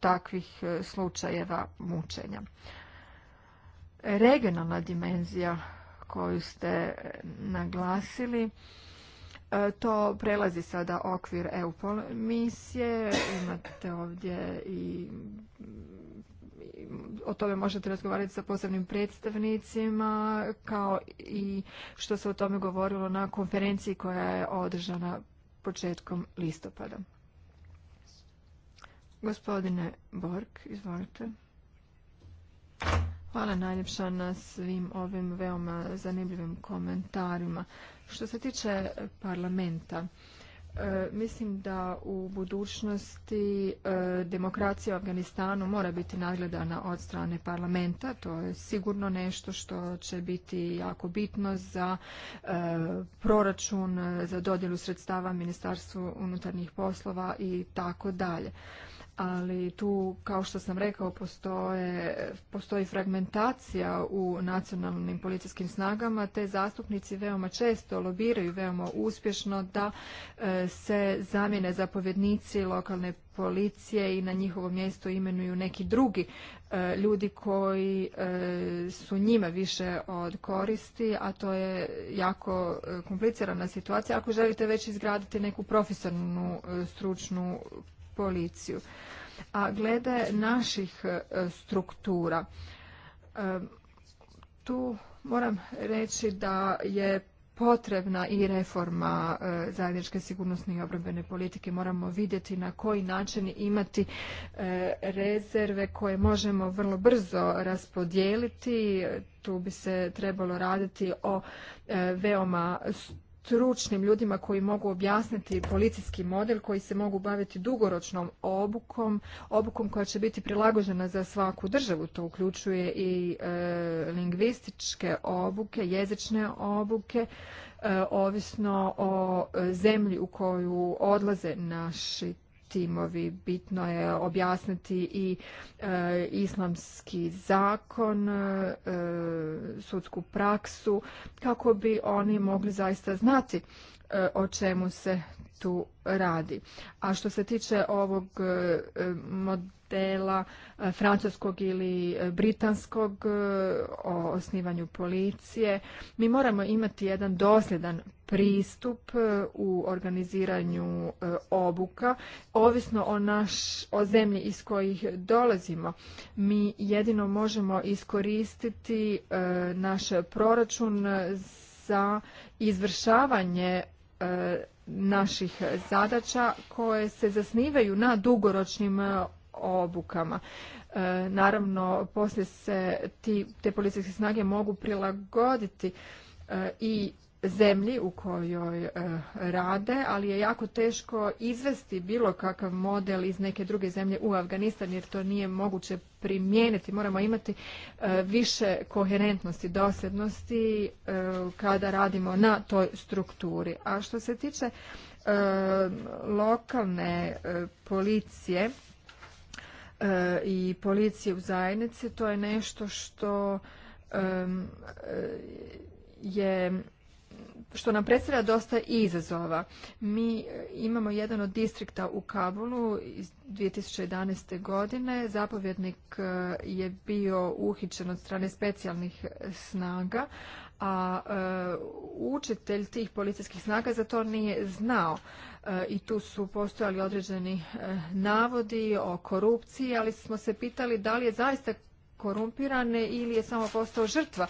takvih slučajeva mučenja. Regionalna dimenzija koju ste naglasili E, to prelazi sada okvir EU misije. Imate ovdje i o tome možete razgovarati sa posebnim predstavnicima, kao i što se o tome govorilo na konferenciji koja je održana početkom listopada. Gospodine Borg, izvolite. Hvala najljepša na svim ovim veoma zanimljivim komentarima. Što se tiče parlamenta, e, mislim da u budućnosti e, demokracija u Afganistanu mora biti nagledana od strane parlamenta. To je sigurno nešto što će biti jako bitno za e, proračun, za dodjelu sredstava Ministarstvu unutarnjih poslova i tako dalje ali tu, kao što sam rekao, postoji fragmentacija u nacionalnim policijskim snagama, te zastupnici veoma često lobiraju veoma uspješno da e, se zamjene zapovjednici lokalne policije i na njihovo mjesto imenuju neki drugi e, ljudi koji e, su njima više od koristi, a to je jako komplicirana situacija ako želite već izgraditi neku profesionalnu stručnu policiju. A glede naših e, struktura, e, tu moram reći da je potrebna i reforma e, zajedničke sigurnosne i obrambene politike. Moramo vidjeti na koji način imati rezerve koje možemo vrlo brzo raspodijeliti. Tu bi se trebalo raditi o veoma stručnim ljudima koji mogu objasniti policijski model, koji se mogu baviti dugoročnom obukom, obukom koja će biti prilagođena za svaku državu. To uključuje i e, lingvističke obuke, jezične obuke, e, ovisno o e, zemlji u koju odlaze naši timovi. Bitno je objasniti i e, islamski zakon, e, sudsku praksu, kako bi oni mogli zaista znati e, o čemu se tu radi. A što se tiče ovog modela, dela, e, francuskog ili e, britanskog e, o osnivanju policije. Mi moramo imati jedan dosljedan pristup u organiziranju obuka, ovisno o, naš, o zemlji iz kojih dolazimo. Mi jedino možemo iskoristiti naš proračun za izvršavanje naših zadaća koje se zasnivaju na dugoročnim obukama. E, naravno, poslije se ti, te policijske snage mogu prilagoditi e, i zemlji u kojoj e, rade, ali je jako teško izvesti bilo kakav model iz neke druge zemlje u Afganistan jer to nije moguće primijeniti. Moramo imati više koherentnosti, dosljednosti kada radimo na toj strukturi. A što se tiče lokalne policije, E, i policije u zajednici to je nešto što e, je što nam predstavlja dosta izazova. Mi e, imamo jedan od distrikta u Kabulu iz 2011. godine. Zapovjednik e, je bio uhićen od strane specijalnih snaga, a e, učitelj tih policijskih snaga za to nije znao. I tu su postojali određeni navodi o korupciji, ali smo se pitali da li je zaista korumpirane ili je samo postao žrtva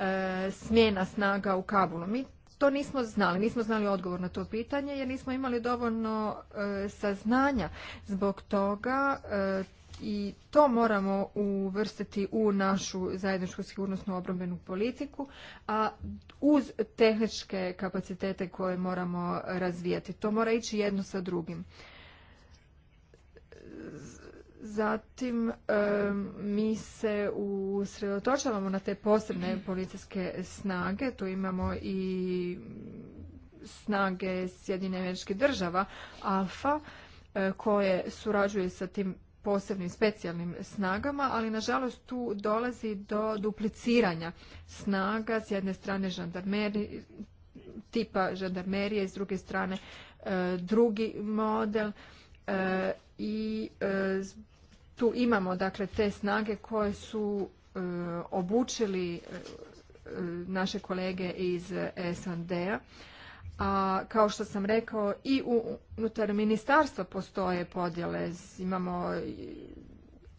E, smjena snaga u Kabulu. Mi to nismo znali, nismo znali odgovor na to pitanje jer nismo imali dovoljno e, saznanja zbog toga e, i to moramo uvrstiti u našu zajedničku sigurnosnu obrambenu politiku, a uz tehničke kapacitete koje moramo razvijati. To mora ići jedno sa drugim. Zatim mi se usredotočavamo na te posebne policijske snage. Tu imamo i snage Sjedine američke država, Alfa, e, koje surađuje sa tim posebnim specijalnim snagama, ali nažalost tu dolazi do dupliciranja snaga, s jedne strane žandarmeri, tipa žandarmerije, s druge strane e, drugi model e, i tu imamo dakle te snage koje su e, obučili e, naše kolege iz snd a A kao što sam rekao i unutar ministarstva postoje podjele. Imamo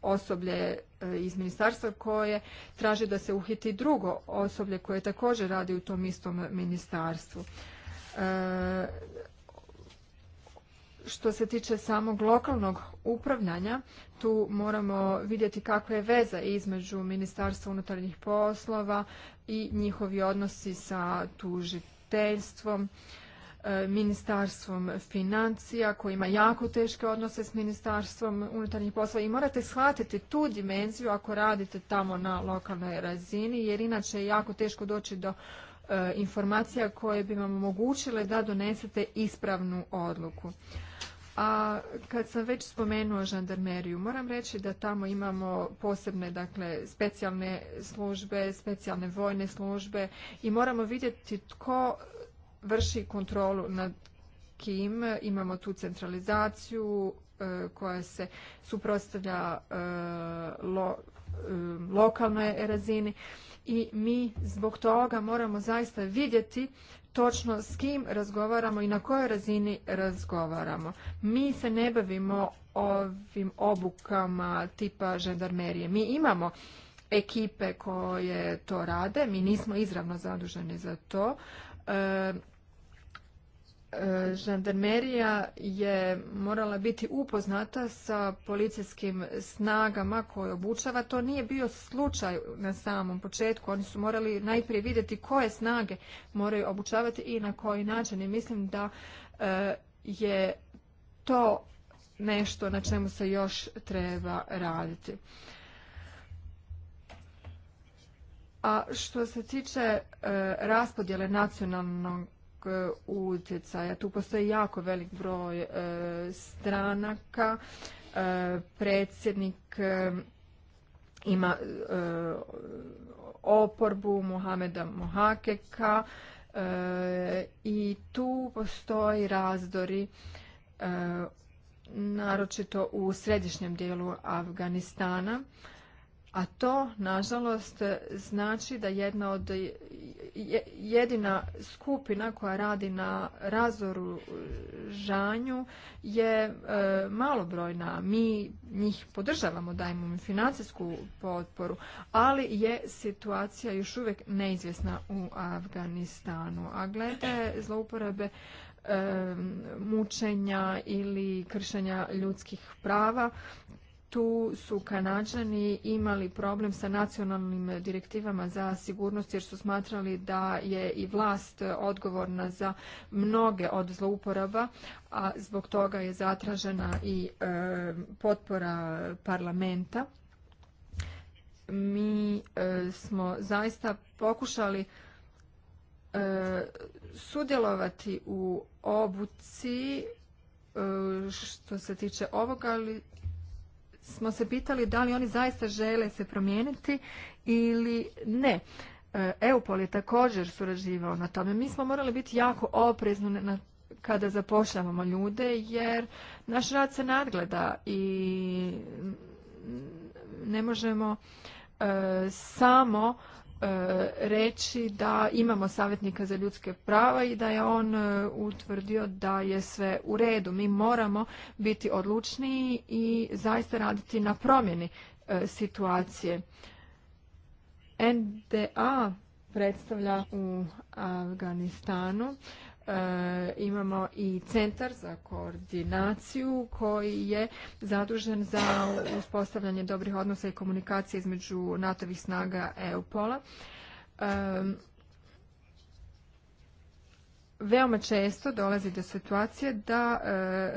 osoblje e, iz ministarstva koje traži da se uhiti drugo osoblje koje također radi u tom istom ministarstvu što se tiče samog lokalnog upravljanja, tu moramo vidjeti kakva je veza između Ministarstva unutarnjih poslova i njihovi odnosi sa tužiteljstvom, e, Ministarstvom financija koji ima jako teške odnose s Ministarstvom unutarnjih poslova i morate shvatiti tu dimenziju ako radite tamo na lokalnoj razini jer inače je jako teško doći do E, informacija koje bi vam omogućile da donesete ispravnu odluku. A kad sam već spomenuo žandarmeriju, moram reći da tamo imamo posebne, dakle, specijalne službe, specijalne vojne službe i moramo vidjeti tko vrši kontrolu nad kim. Imamo tu centralizaciju e, koja se suprotstavlja e, lokalnoj razini i mi zbog toga moramo zaista vidjeti točno s kim razgovaramo i na kojoj razini razgovaramo. Mi se ne bavimo ovim obukama tipa žandarmerije. Mi imamo ekipe koje to rade, mi nismo izravno zaduženi za to. E, E, žandarmerija je morala biti upoznata sa policijskim snagama koje obučava. To nije bio slučaj na samom početku. Oni su morali najprije vidjeti koje snage moraju obučavati i na koji način. I mislim da e, je to nešto na čemu se još treba raditi. A što se tiče e, raspodjele nacionalnog E, utjecaja. Tu postoji jako velik broj e, stranaka. E, predsjednik ima oporbu Mohameda Mohakeka i tu postoji razdori naročito u središnjem dijelu Afganistana a to, nažalost, znači da jedna od jedina skupina koja radi na razoru žanju je e, malobrojna. Mi njih podržavamo, dajemo im financijsku potporu, ali je situacija još uvijek neizvjesna u Afganistanu. A glede zlouporabe e, mučenja ili kršenja ljudskih prava, tu su Kanađani imali problem sa nacionalnim direktivama za sigurnost jer su smatrali da je i vlast odgovorna za mnoge od zlouporaba, a zbog toga je zatražena i e, potpora parlamenta. Mi e, smo zaista pokušali e, sudjelovati u obuci što se tiče ovoga, ali smo se pitali da li oni zaista žele se promijeniti ili ne. E, EUPOL je također surađivao na tome. Mi smo morali biti jako oprezni kada zapošljavamo ljude jer naš rad se nadgleda i ne možemo e, samo E, reći da imamo savjetnika za ljudske prava i da je on e, utvrdio da je sve u redu. Mi moramo biti odlučniji i zaista raditi na promjeni e, situacije. NDA predstavlja u Afganistanu E, imamo i centar za koordinaciju koji je zadužen za uspostavljanje dobrih odnosa i komunikacije između NATO-vih snaga EUPOL-a. E, veoma često dolazi do situacije da e,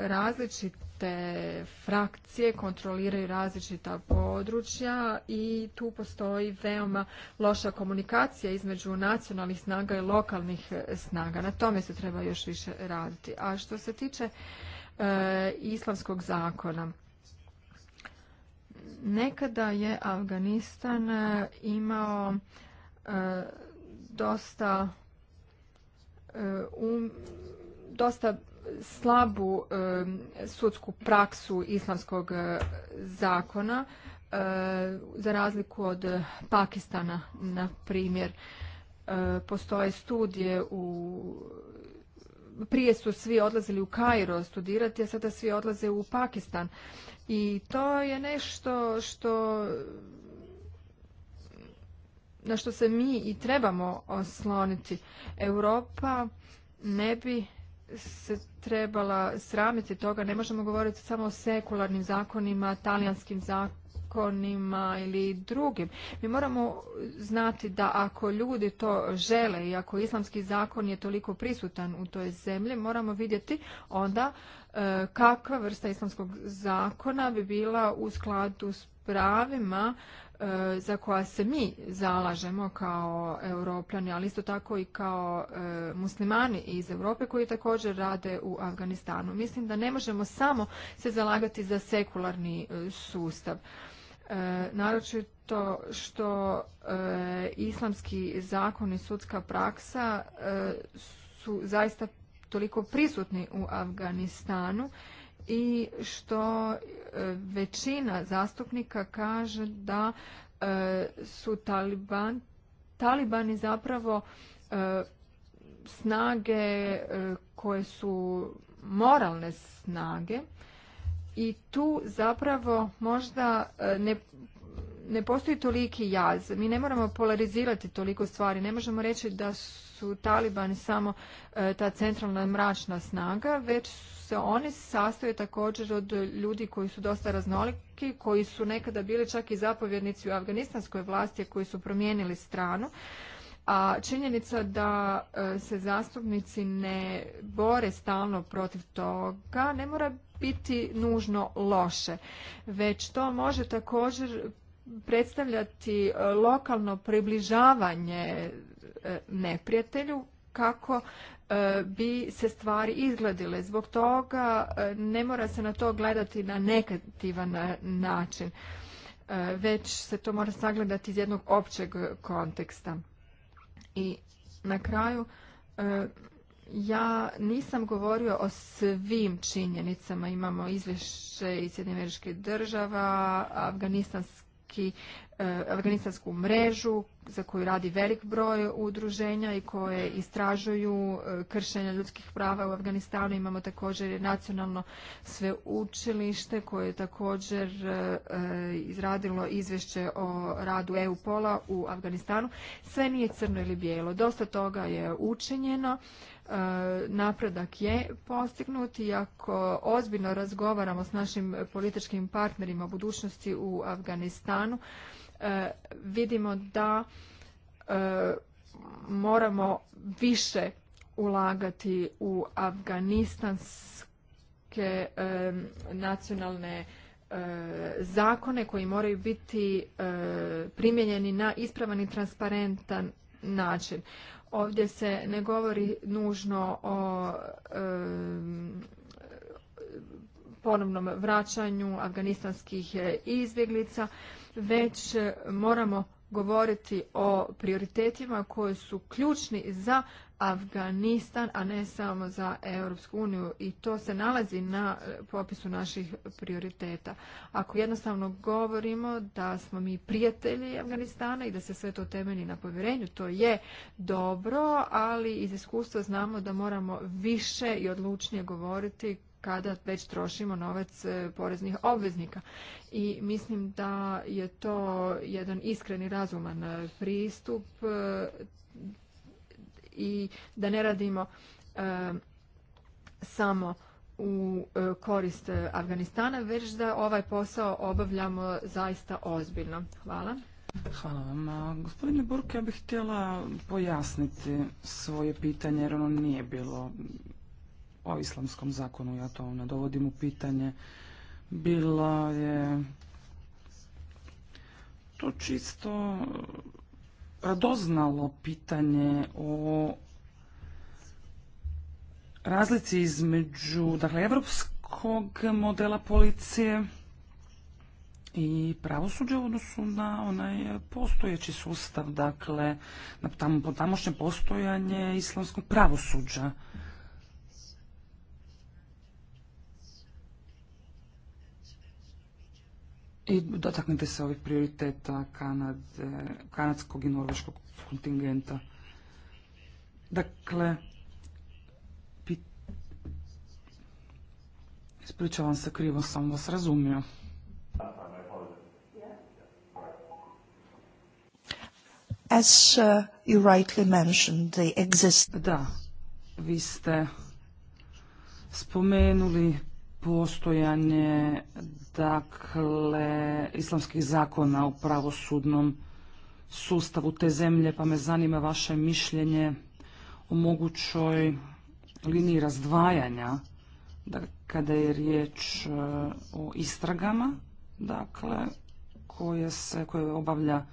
različite različite frakcije kontroliraju različita područja i tu postoji veoma loša komunikacija između nacionalnih snaga i lokalnih snaga. Na tome se treba još više raditi. A što se tiče e, islamskog zakona, nekada je Afganistan e, imao e, dosta um, dosta slabu sudsku praksu islamskog eh, zakona eh, za razliku od Pakistana na primjer eh, postoje studije u prije su svi odlazili u Kairo studirati, a sada svi odlaze u Pakistan. I to je nešto što na što se mi i trebamo osloniti. Europa ne bi se trebala sramiti toga. Ne možemo govoriti samo o sekularnim zakonima, talijanskim zakonima ili drugim. Mi moramo znati da ako ljudi to žele i ako islamski zakon je toliko prisutan u toj zemlji, moramo vidjeti onda e, kakva vrsta islamskog zakona bi bila u skladu s pravima E, za koja se mi zalažemo kao europljani, ali isto tako i kao e, muslimani iz Europe koji također rade u Afganistanu. Mislim da ne možemo samo se zalagati za sekularni e, sustav. naročito što islamski zakon i sudska praksa su zaista toliko prisutni u Afganistanu i što e, većina zastupnika kaže da e, su taliban, talibani zapravo e, snage koje su moralne snage i tu zapravo možda ne ne postoji toliki jaz. Mi ne moramo polarizirati toliko stvari. Ne možemo reći da su Talibani samo e, ta centralna mračna snaga, već se oni sastoje također od ljudi koji su dosta raznoliki, koji su nekada bili čak i zapovjednici u afganistanskoj vlasti, koji su promijenili stranu. A činjenica da e, se zastupnici ne bore stalno protiv toga ne mora biti nužno loše, već to može također predstavljati e, lokalno približavanje e, neprijatelju kako e, bi se stvari izgledile. Zbog toga ne mora se na to gledati na negativan način, već se to mora sagledati iz jednog općeg konteksta. I na kraju, ja nisam govorio o svim činjenicama. Imamo izvješće iz Sjedinjene država, afganistanske i e, afganistansku mrežu za koju radi velik broj udruženja i koje istražuju e, kršenja ljudskih prava u Afganistanu. Imamo također nacionalno sveučilište koje je također e, izradilo izvješće o radu EU-pola u Afganistanu. Sve nije crno ili bijelo. Dosta toga je učinjeno. E, napredak je postignut i ako ozbiljno razgovaramo s našim političkim partnerima o budućnosti u Afganistanu, e, vidimo da e, moramo više ulagati u afganistanske nacionalne zakone koji moraju biti primjenjeni na ispravan i transparentan način. Ovdje se ne govori nužno o ponovnom vraćanju afganistanskih e, izbjeglica, već moramo govoriti o prioritetima koji su ključni za Afganistan, a ne samo za Europsku uniju i to se nalazi na e, popisu naših prioriteta. Ako jednostavno govorimo da smo mi prijatelji Afganistana i da se sve to temelji na povjerenju, to je dobro, ali iz iskustva znamo da moramo više i odlučnije govoriti kada već trošimo novac e, poreznih obveznika. I mislim da je to jedan iskreni razuman e, pristup i da ne radimo samo u e, korist e, Afganistana, već da ovaj posao obavljamo zaista ozbiljno. Hvala. Hvala vam. Gospodine Burke, ja bih htjela pojasniti svoje pitanje, jer ono nije bilo o islamskom zakonu, ja to ne dovodim u pitanje. Bilo je to čisto doznalo pitanje o razlici između dakle, evropskog modela policije i pravosuđa u odnosu na onaj postojeći sustav, dakle, na tamošnje postojanje islamskog pravosuđa. I dotaknite se ovih prioriteta kanadskog i norveškog kontingenta. Dakle, ispričavam se, krivo sam vas razumio. As uh, Da, vi ste spomenuli postojanje dakle islamskih zakona u pravosudnom sustavu te zemlje, pa me zanima vaše mišljenje o mogućoj liniji razdvajanja kada je riječ eh, o istragama, dakle, koje se, koje obavlja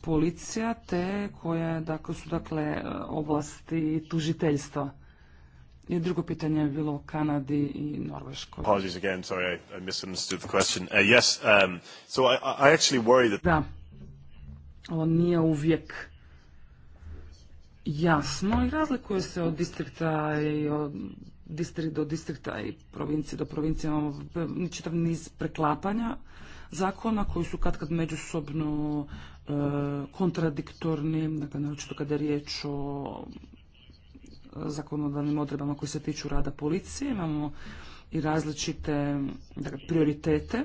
policija, te koje dakle, su dakle oblasti tužiteljstva. I drugo pitanje je bilo o Kanadi i Norveškoj. Apologies again, sorry, I misunderstood the question. Uh, yes, um, so I, actually worry that... Da, ovo nije uvijek jasno i razlikuje se od distrikta i od do distrikta i provincije do provincije imamo čitav niz preklapanja zakona koji su katkad međusobno uh, kontradiktorni, dakle naročito kada je riječ o zakonodavnim odredbama koji se tiču rada policije, imamo i različite dakle, prioritete.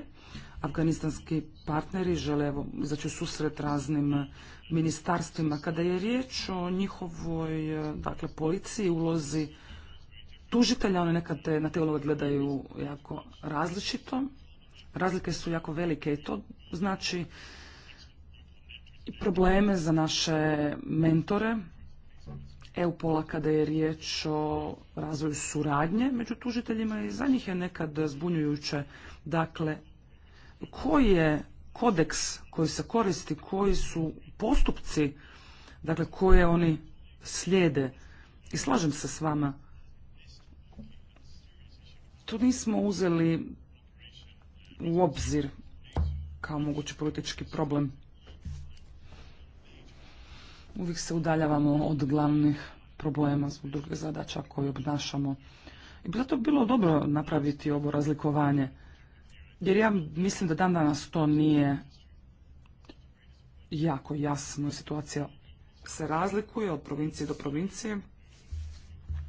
Afganistanski partneri žele evo, izaći u susret raznim ministarstvima. Kada je riječ o njihovoj dakle, policiji, ulozi tužitelja, oni nekad na te gledaju jako različito. Razlike su jako velike i to znači probleme za naše mentore, eu pola kada je riječ o razvoju suradnje među tužiteljima i za njih je nekad zbunjujuće. Dakle, koji je kodeks koji se koristi, koji su postupci, dakle, koje oni slijede. I slažem se s vama. Tu nismo uzeli u obzir kao mogući politički problem uvijek se udaljavamo od glavnih problema zbog drugih zadaća koje obnašamo. I zato bi bilo dobro napraviti ovo razlikovanje. Jer ja mislim da dan danas to nije jako jasno. Situacija se razlikuje od provincije do provincije.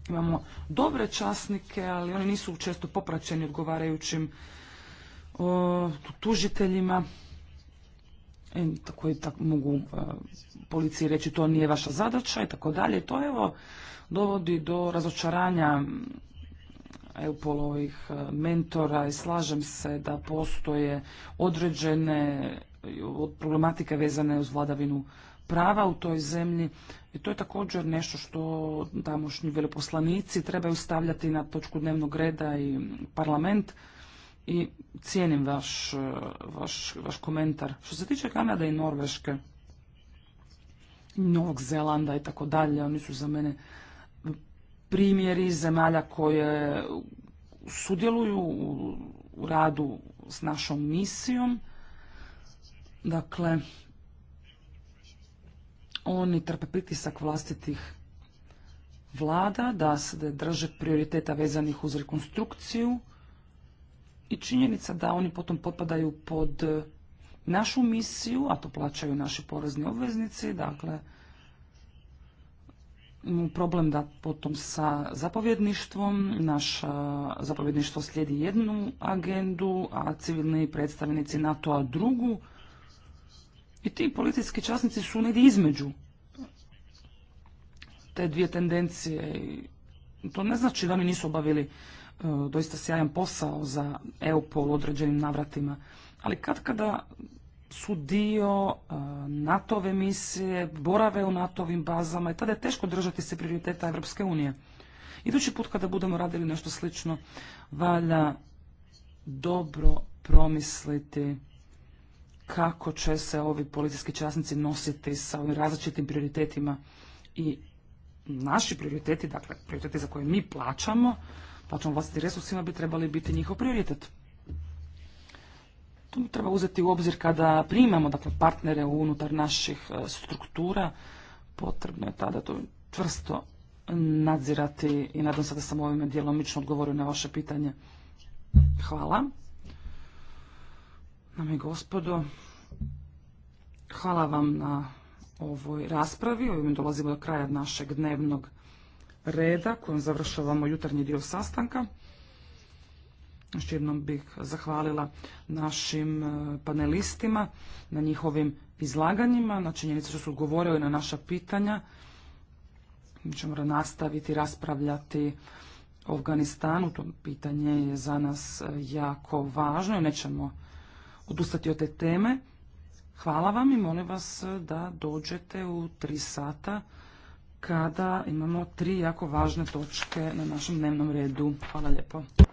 Imamo dobre časnike, ali oni nisu često popraćeni odgovarajućim tužiteljima koji e, tako mogu e, policiji reći to nije vaša zadaća i tako dalje. To evo dovodi do razočaranja Eupolovih e, mentora i slažem se da postoje određene problematike vezane uz vladavinu prava u toj zemlji i to je također nešto što tamošnji veleposlanici trebaju stavljati na točku dnevnog reda i parlament i cijenim vaš, e, vaš, vaš komentar. Što se tiče Kanade i Norveške, Novog Zelanda i tako dalje, oni su za mene primjeri zemalja koje sudjeluju u, u radu s našom misijom. Dakle, oni trpe pritisak vlastitih vlada da se drže prioriteta vezanih uz rekonstrukciju i činjenica da oni potom potpadaju pod našu misiju, a to plaćaju naši porezni obveznici, dakle, problem da potom sa zapovjedništvom, naš zapovjedništvo slijedi jednu agendu, a civilni predstavnici NATO-a drugu. I ti policijski časnici su negdje između te dvije tendencije. To ne znači da oni nisu obavili E, doista sjajan posao za EUPOL u određenim navratima, ali kad kada su dio e, NATO-ve misije, borave u NATO-vim bazama i tada je teško držati se prioriteta Evropske unije. Idući put kada budemo radili nešto slično, valja dobro promisliti kako će se ovi policijski časnici nositi sa ovim različitim prioritetima i naši prioriteti, dakle prioriteti za koje mi plaćamo, pa dakle, ćemo vlastiti resursima bi trebali biti njihov prioritet. To treba uzeti u obzir kada primamo dakle, partnere unutar naših e, struktura. Potrebno je tada to čvrsto nadzirati i nadam se da sam ovime djelomično odgovorio na vaše pitanje. Hvala. Nam i gospodo, hvala vam na ovoj raspravi. Ovim dolazimo do kraja našeg dnevnog reda kojom završavamo jutarnji dio sastanka. Još jednom bih zahvalila našim e, panelistima na njihovim izlaganjima, na činjenicu što su odgovorili na naša pitanja. Mi ćemo nastaviti raspravljati o Afganistanu. To pitanje je za nas e, jako važno i nećemo odustati od te teme. Hvala vam i molim vas e, da dođete u tri sata kada imamo tri jako važne točke na našem dnevnom redu. Hvala lijepo.